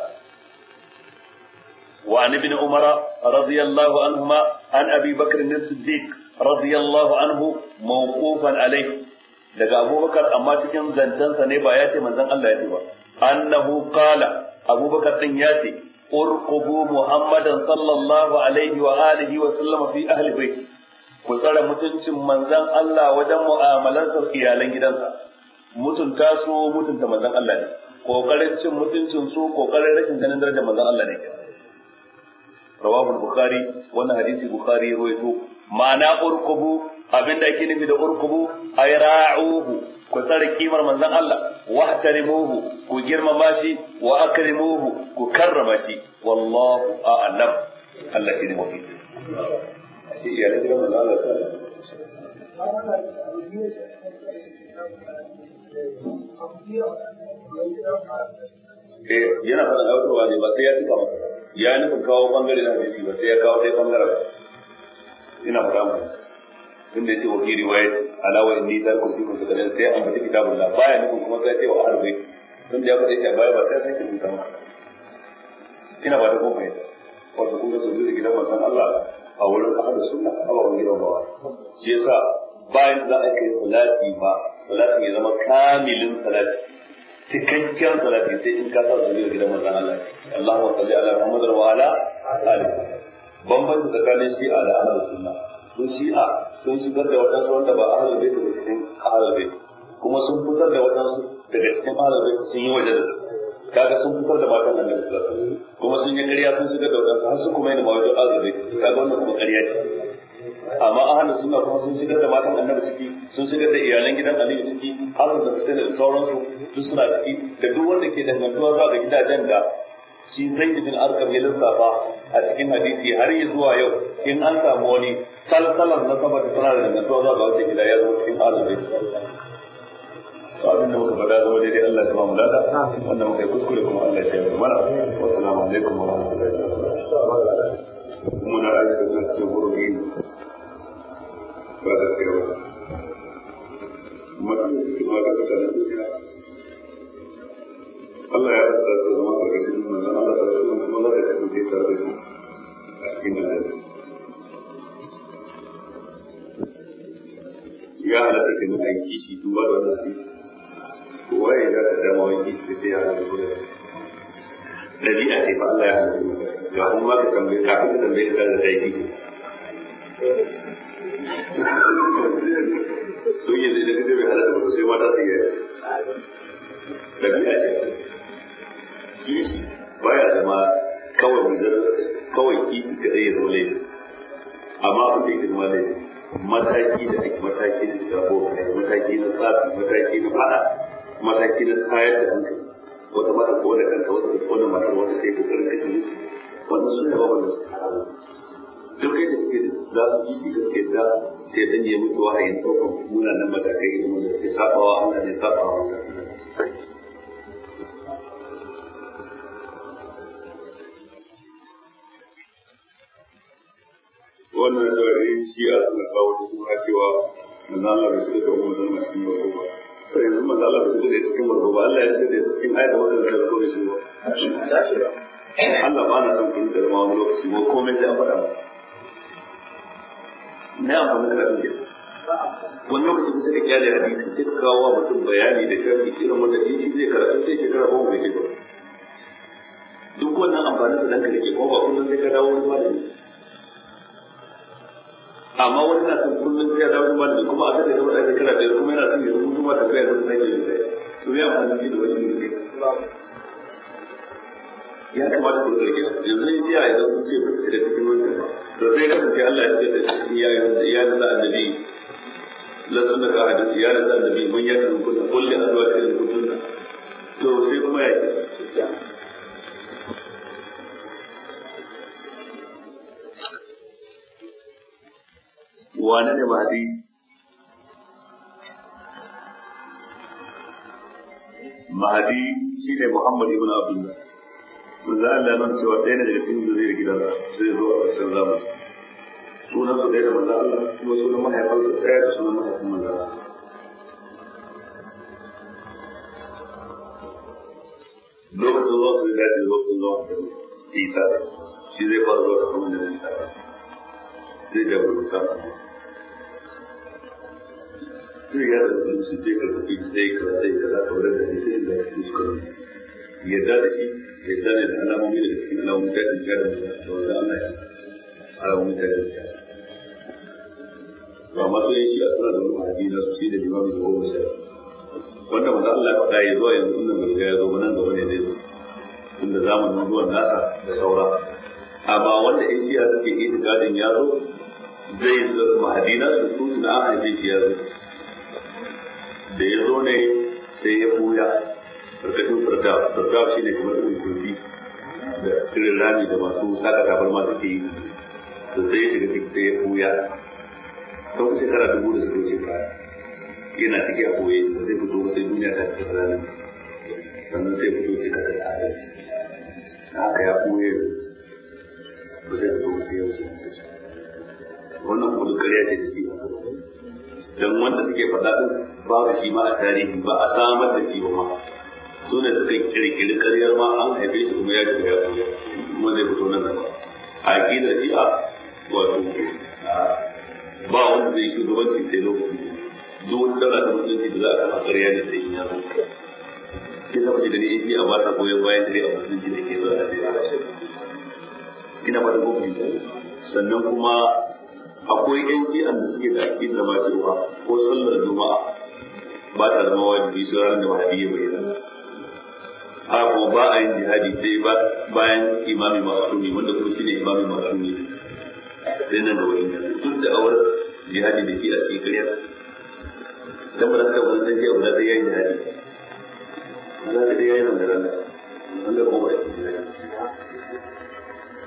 wa an ibn umar radiyallahu anhuma an abi bakr as-siddiq anhu daga abubakar amma cikin zancensa ne ba ya ce manzon Allah ya ce ba annahu qala abubakar din ya ce urqubu muhammadan sallallahu alaihi wa alihi wa sallama fi ahli ku tsara mutuncin manzon Allah wajen mu'amalarsa iyalan gidansa mutunta su mutunta manzon Allah ne kokarin cin mutuncin su kokarin rashin ganin darajar manzon Allah ne rawahu bukhari wannan hadisi bukhari ya rawaito ma'ana urkubu abinda ake nufi da urkubu ay ra'uhu ku tsare kimar manzon Allah wa tarimuhu ku girmama shi wa akrimuhu ku karrama shi wallahu a'lam Allah ke mafi shi ya rage manzon Allah eh yana fara aiwatarwa ne ba sai ya cika maka ya nufin kawo bangare na hadisi ba sai ya kawo ɗaya bangaren ina fara mu tunda yace wa fi riwayat ala wa inni tarku sai an kitabun la baya nufin kuma sai ce wa arbai tunda ya faɗa shi baya ba sai sai rubuta ma ina ba ta kuma fahimta wato kun ga sojoji gidan manzon Allah a wurin ahadu sunna a wurin gidan bawa shi yasa bayan za a salati ba salatin ya zama kamilin salati cikakken salati sai in ka sa zuriyar gidan manzon Allah Allahumma salli ala Muhammad wa ala ali bambanci tsakanin shi'a da ahlus sunna sun shi'a sun shigar da waɗansu wanda ba ahlul bait ba cikin ahlul bait kuma sun fitar da waɗansu daga cikin ahlul bait sun yi wajen kaga sun fitar da matan nan da kuma sun yi ƙarya sun shigar da waɗansu har su kuma yi da mawajin ahlul bait kaga wannan kuma ƙarya ce amma ahlus sunna kuma sun shigar da matan annabi ciki sun shigar da iyalan gidan annabi ciki hasan da fitina da sauransu duk suna ciki da duk wanda ke dangantuwa zuwa ga gidajen da shi zai bin arkam ya lissafa a cikin hadisi har yi zuwa yau in an samu wani salsalan na sama da suna da dangantuwa zuwa ga wata gida ya zama cikin ahlul abin da muka faɗa zama daidai Allah ya ba mu wanda muka yi kuskure kuma Allah ya yi mana wa salamu alaikum wa rahmatullahi wa barakatuh muna aiki da cikin gurbin ba da tsayawa masu da suke mata mutanen duniya Allah ya rasa su zama da manzan Allah da su kuma za ta kasance tare da shi a cikin aljanna ya halatta ke nan aiki shi duba da wannan hadisi kowa ya ga dama wani kishi da ce ya halatta da dabi'a ce ba Allah ya halatta masa ga kuma ka tambaye kafin ka tambaye da da dai kishi to yin da kace bai halatta ba sai mata su ce kishi zama kawai muzar kawai kishi ya zama laifi amma abin da yake zama laifi mataki da ake mataki da gabo mataki na tsafi mataki na fada mataki na tayar da hankali wata mata ko da kanta wata ko da matar wata sai kokarin kashe wannan sun da babban su duk yadda da za su ji shi da sai dan ya mutu a yin ɗaukan munanan matakai irin wanda suke sabawa Allah ne sabawa wannan saurayin shi a suna kawo su cewa manzala bai shiga da umar zama cikin wato ba sai yanzu manzala bai shiga da cikin wato ba Allah ya shiga da cikin ayat wannan da zo shi ba Allah ba na son kun da zama wani lokaci ba komai sai a faɗa ba me amfani ka ɗauke wani lokaci kusa da kyale hadisi sai kawo mutum bayani da sharri irin wanda in shi zai karatu sai shekara goma bai ba duk wannan amfani sa dan ka ba kullum sai ka dawo wani malami amma wani na son kullum sai ya dawo wani malami kuma a kada ya zama da shekara ɗaya kuma yana son ya rubutu ma tafiya da sake yin to ya amfani shi da wani ne ya kamata ku zargi yanzu ya ce a yanzu sun ce ba su shiga cikin wannan ba to sai kasance Allah ya shiga da cikin ya nasa annabi lazan da ka hadisi ya nasa annabi mun ya kan kunna kulli azwa ta irin kunna to sai kuma ya ce wane ne mahadi mahadi ne Muhammad ibn Abdullahi. manzo Allah nan cewa ɗaya ne daga cikin zuriyar gidansa zai zo a ƙarshen zamani sunan su ɗaya da manzo Allah kuma sunan mahaifinsa ɗaya da sunan mahaifin manzo Allah lokacin zuwa su da shi lokacin zuwa Isa da shi zai fara zuwa da da Isa da shi zai ga wani sa zai ga da su sai ka tafi sai ka sai za ka wurin da sai da su suka yadda da shi yadda ne da alamomi da cikin alamomin tashin kiyama da wanda Allah ya alamomin da kiyama ba masu yin shi'a suna da wani hadisi na su shi da limamin da goma sha wanda maza Allah ya faɗa ya zuwa yanzu inda bai ya zo ba nan gaba ne zai zo tunda zamanin zuwan nasa da saura amma wanda yan shi'a suke itikadin ya zo zai mahadina su tutu na an haife shi ya zo da ya zo ne sai ya buya karkashin firdaus firdaus shine kamar irin tofi da irin rami da masu saka tabarma da ke yi to sai ya shiga cikin sai ya buya ta wata shekara dubu da suka wuce baya yana cike a boye ba zai fito ba sai duniya ta cika zalunci sannan sai fito cika da adalci haka ya boye ba zai fito ba sai ya wuce wannan kuma duk ƙarya ce da shi don wanda suke faɗa din babu shi ma a tarihi ba a samar da shi ba ma su ne suka kirkiri karyar ma an haife shi kuma ya shiga ya fito kuma zai fito nan gaba a kidar shi a wato ba wanda zai yi gabanci sai lokaci duk wani dara ta mutunci da za a kafa karya ne sai in ya zo ke sa da ni shi a ba sa goyon bayan sai a mutunci da ke zuwa da zai hana shi ina ba da gobe sannan kuma akwai yan shi'an da suke da da ma cewa ko sallar juma'a ba ta zama wajibi sai ranar da mahadi ya bayyana ko ba a yin jihadi sai ba bayan imami masumi wanda kuma shine imami ne. sai nan da wani duk da awar jihadi da shi a cikin kariya dan ba ta wani yau na wanda yayin jihadi Allah da yayin nan da ran wanda kuma ba shi dan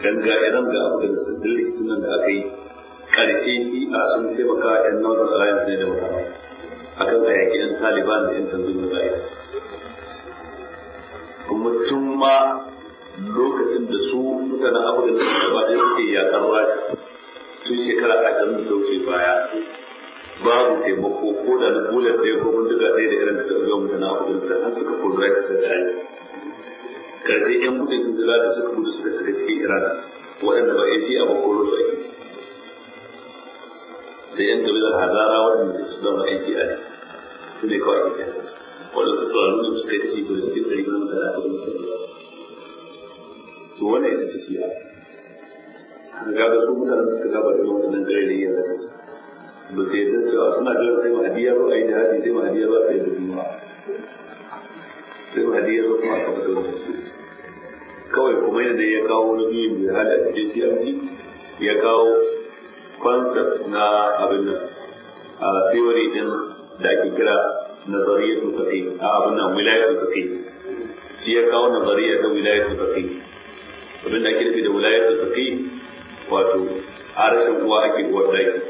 Ganga idan ga abu da dalilin sunan da aka yi karshe shi a sun taimaka yan nazar Alliance ne da wata akan ayaki yan Taliban da yan Tanzania da kuma tun ma lokacin da su mutanen afirka da ba da suke yakar rasha tun shekara ashirin da dauke baya babu taimako ko da bulan ɗaya ko bindiga ɗaya da irin da suka ga mutanen afirka har suka kori rasha sai da aiki karshe yan gudun hijira da suka gudu suka shiga cikin iran waɗanda ba AC a bakoro su ake da yan kabilar hazara waɗanda suka zama AC a ne su ne kawai ake wanda suka wani da suka ci da suke da rigar da za a yi to wannan yana ce shi a ga su mutanen suka saba da wannan gare da yana ba sai da cewa suna ganin sai mahdiya ba a yi jihadi sai mahdiya ba a yi dubi ba sai mahdiya ba kuma a kafa da wannan kawai kuma yadda ya kawo wani juyin da hada cikin siyasi ya kawo concept na abin nan a theory din da ake kira nazariyatul faqih a abin nan wilayatul faqih shi ya kawo nazariya ta wilayatul faqih abin da ake nufi da wilayatul faqih wato a rashin uwa ake uwar daki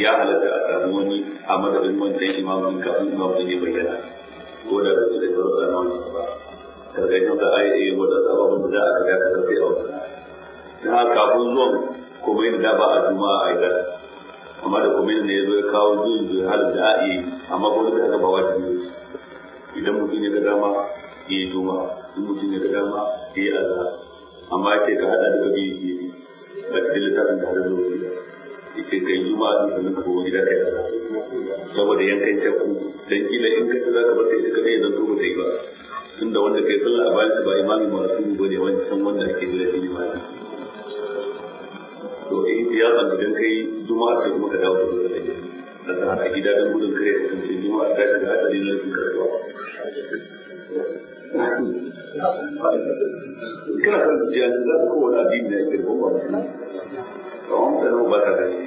ya halatta a samu wani a madadin wancan imamin kafin imamin ya bayyana ko da rasu da sharuɗa na wancan ba karkashin sa ai eh wanda sa babu da aka ga ka sai a wata. da kafin zuwan komai da ba a juma'a a yi amma da kuma ne ya zo ya kawo juyin zuwa har da a yi amma kuma da aka bawa biyu idan mutum ya ga dama ya yi juma idan mutum ya ga dama ya yi azza amma ya ce ka hada da biyu ke da cikin littafin da hada da ya ce ka yi juma a sannan ka kowa gida kai azza saboda yankan shakku dan kila in ka ci za ka bar sai ka kai zan to ba ta yi ba tunda wanda kai sallah a bayan su ba imamin marasu ba ne san wanda ake jira shi ne ba to ya eh, ihtiyasan idan kai juma'a sai kuma ka dawo ka zo da gida da san haka gida don gudun kare ya kasance juma'a ta shiga ne na rashin karatuwa kana kan zuciya su za kowane addini na yake kuma ba kamar mutane ba ta gani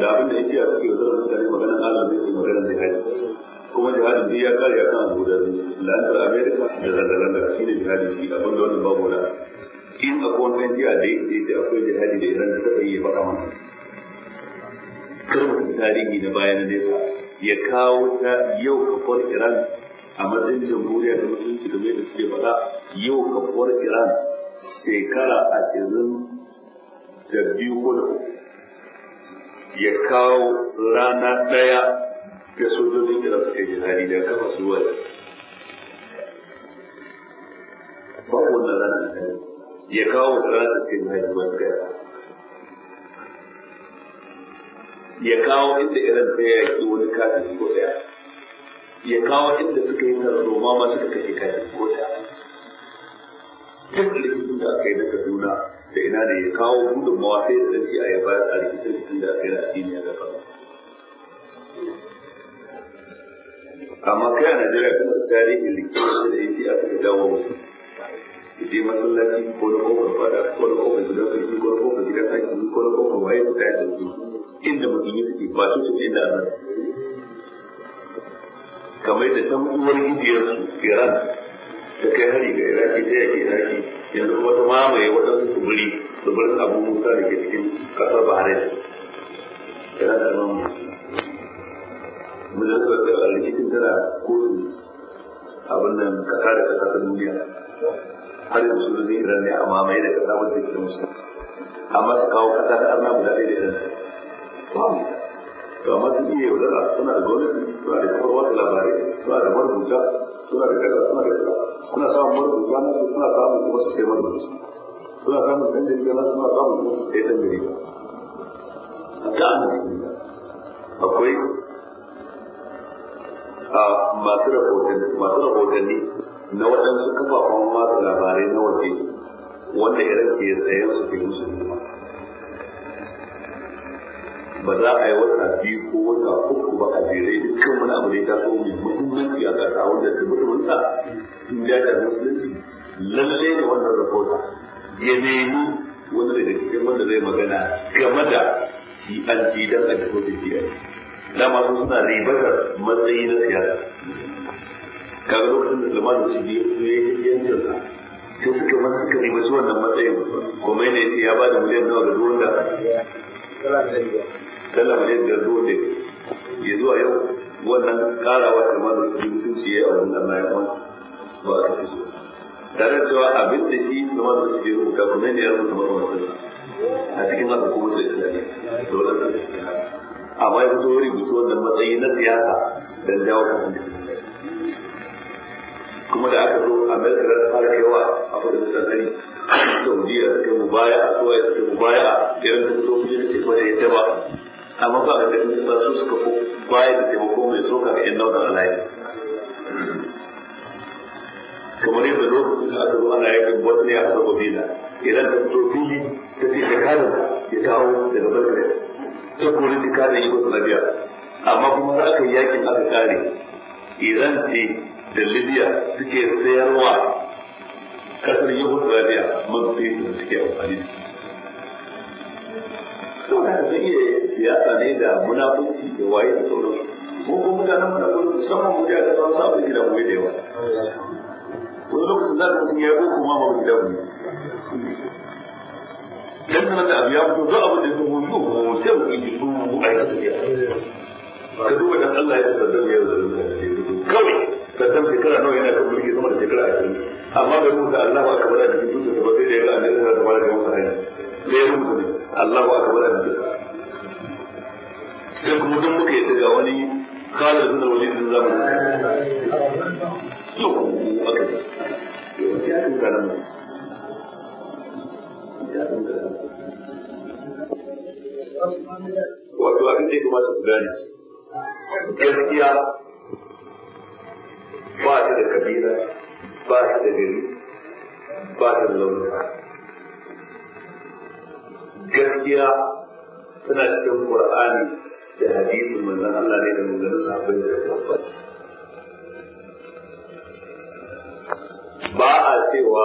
da abin da ishiya suke yi zan mutane maganar Allah zai su maganar kai. kuma jihadin duk ya kare kan abu da lantar Amerika da zanga-zanga shine jihadi shi abin da wannan babu wani in akwai wani jiya da yake ce akwai jihadi da iran da ta yi faɗa mana karɓar tarihi na baya nesa ya kawo ta yau kafar iran a matsayin jamhuriya da mutunci da mai da suke faɗa yau kafar iran shekara ashirin da biyu ko da uku ya kawo rana ɗaya da sojojin iran suke jihadi da kafa suwa ba wannan rana ɗaya ya kawo tsirasa cikin hajji masu gaya ya kawo inda irin ya yaƙi wani kafin ko ɗaya ya kawo inda suka yi roma ma suka kashe kafin ko ɗaya duk rikicin da aka yi na kaduna da ina da ya kawo gudun sai da rashi a yaba bayar a rikicin da aka yi na addini a gaba amma kai a najeriya kuma tarihin rikicin da ya shi a suka dawo musu ya je masallaci ko na kofar fada ko na kofar gidan sarki ko na kofar gidan hakimi ko na kofar waye su tayar da inda musulmi suke ba su su inda ana su kamar da can uwar gidiyar su iran ta kai hari ga iraki ta yaki iraki yanzu wata ta mamaye waɗansu tsibiri tsibirin abu musa da ke cikin kasar bahrain iran da mamaye majalisar da rikicin tana kotun abin nan kasa da kasa ta duniya har yanzu su zai iran ne amma mai da kasa wanda ke musu amma su kawo kasa da arna guda ɗaya da iran ba mu to amma sun iya yaudara suna da gwamnati suna da kafar wata labarai suna da marubuta suna da kasa suna da kasa suna samun marubuta na su suna samun kuma su sai marubuta suna samun ɗan jirgin na suna samun kuma su sai ɗan jirgin ta an cikin akwai a ah, masu rahotanni na waɗansu kafafen masu labarai na waje wanda ya ya sayan su ke musu hidima ba za a yi wata biyu ko wata uku ba a jere dukkan wani abu ne ta so mai muhimmanci a gasa wanda ta mutumunsa in ya shafi musulunci lalle ne wannan rahoto ya nemi wanda daga cikin wanda zai magana game da shi an ji dan a ji da shi dama su suna ribar matsayi na siyasa kaga lokacin da lamar su biyu ya yi yancin sa sai suka masa suka nemi su wannan matsayin kuma yana yace ya bada miliyan nawa ga duwanda dala miliyan ga duwanda ya zuwa yau wannan karawa da lamar su biyu sun ciye a wannan Allah ya ba a kashe su tare da cewa abin da shi lamar su biyu rubuta kuma yana ya rubuta makamantarsa a cikin haka kuma da islamiyya dole sai amma ya fito rubuta wannan matsayi na siyasa don jawo kan kuma da aka zo a mai da fara kaiwa a fadin da tsanani saudiya da ta mubaya a suwa ya ta mubaya irin da fito kuma ta ba da ya taba amma ba a kashin da su suka fi baya da taimako mai tsoka ga 'yan nau'in alliance kamar yadda lokacin da aka zo ana yakin ne a herzegovina idan ta fito fili ta ce ta kada ya kawo daga ta kori ta amma kuma yakin aka kare iran ce da libya suke sayarwa kasar yugoslavia man da suke amfani da su saboda haka sun iya siyasa ne da munafunci da waye da sauran ko ko mutanen munafunci musamman mu da kasan samun gida kuma da yawa wani lokacin za ka mutum ya ko kuma ba gida mu dan sanar da abu ya fito zo abin da sun yi ko sai mu yi su mu aikata ya ka duba dan Allah ya tsada ya zalunta kawai saddam shekara nawa yana da mulki sama da shekara a cikin amma bai rubuta ba kamar da jikin tutar ba sai da ya ga annabi sallallahu kamar da masa hanya da ya rubuta Allah ba kamar da jikin sai kuma don muka yadda ga wani kalar da wajen din zama yau aka yi yawanci aka mutanen mu wato a da ya kamata su gani gaskiya ba ta da kabila ba ta da gari ba ta da launuka gaskiya tana cikin qur'ani da hadisin manzon Allah ne da manzon sahabbai da tabbata ba a cewa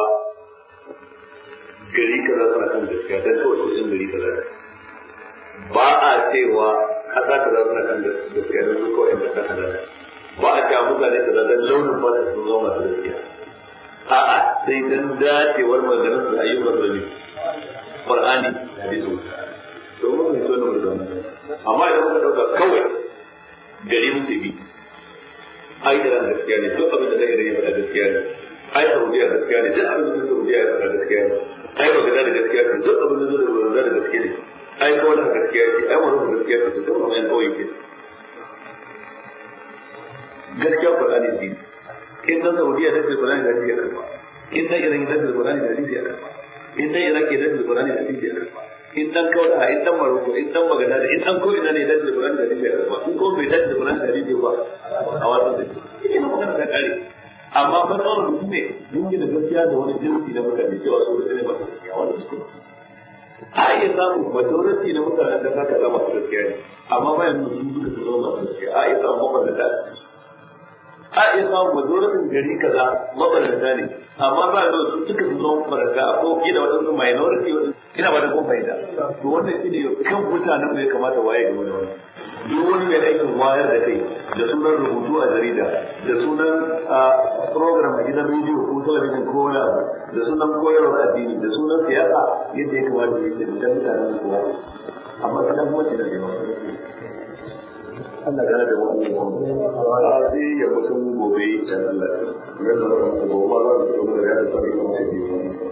gari kaza tana kan gaskiya don kawai su in gari kaza ba a cewa kasa kaza tana kan gaskiya don kawai in kasa kaza ba a sha mutane kaza dan launin fata sun zama masu gaskiya a'a sai dan dacewar maganar su ayyukan su ne qur'ani hadisi to mun yi tono da mun amma idan ka dauka kawai gari musulmi ai da gaskiya ne duk abin da zai rage da gaskiya ne ai da gaskiya ne duk abin da saudiya ya da gaskiya ne ai magana da gaskiya ce duk abin da zai da gaskiya ne ai ko da gaskiya ce ai da gaskiya ce to sai mun yi kawai gaskiya qur'ani dini in na saudiya da shi qur'ani da dini ya karba in na iran da shi qur'ani da dini ya karba in na iran da shi qur'ani da dini ya karba in dan kauda in dan maroko in dan magana da in dan ko ina ne da shi qur'ani da dini ya karba in ko bai da shi qur'ani da dini ba a wasu da shi ne magana ta kare amma farkon da su ne yin da gaskiya da wani jinsi na mutane cewa su da ne ba su gaskiya wannan su a iya samun majority na mutanen da saka zama su gaskiya ne amma bayan mutum duka su zama masu gaskiya a iya samun mafarta da cikin a ba samun majoratin gari kaza mabarata ne amma ba da su duka su zama mabarata ko gina waɗansu minority ina ba da kun fahimta to shi ne kan mutanen da ya kamata waye ga wani wani duk wani mai aikin wayar da kai da sunan rubutu a jarida da sunan program a gidan rediyo ko talabijin ko wani abu da sunan koyarwar addini da sunan siyasa yadda ya kamata ya ce da mutanen su amma kuma ce da jama'a Ana gana da wani a zai ya mutum gobe da Allah. Yadda ba ka gobe ma za ka da ya da sarrafa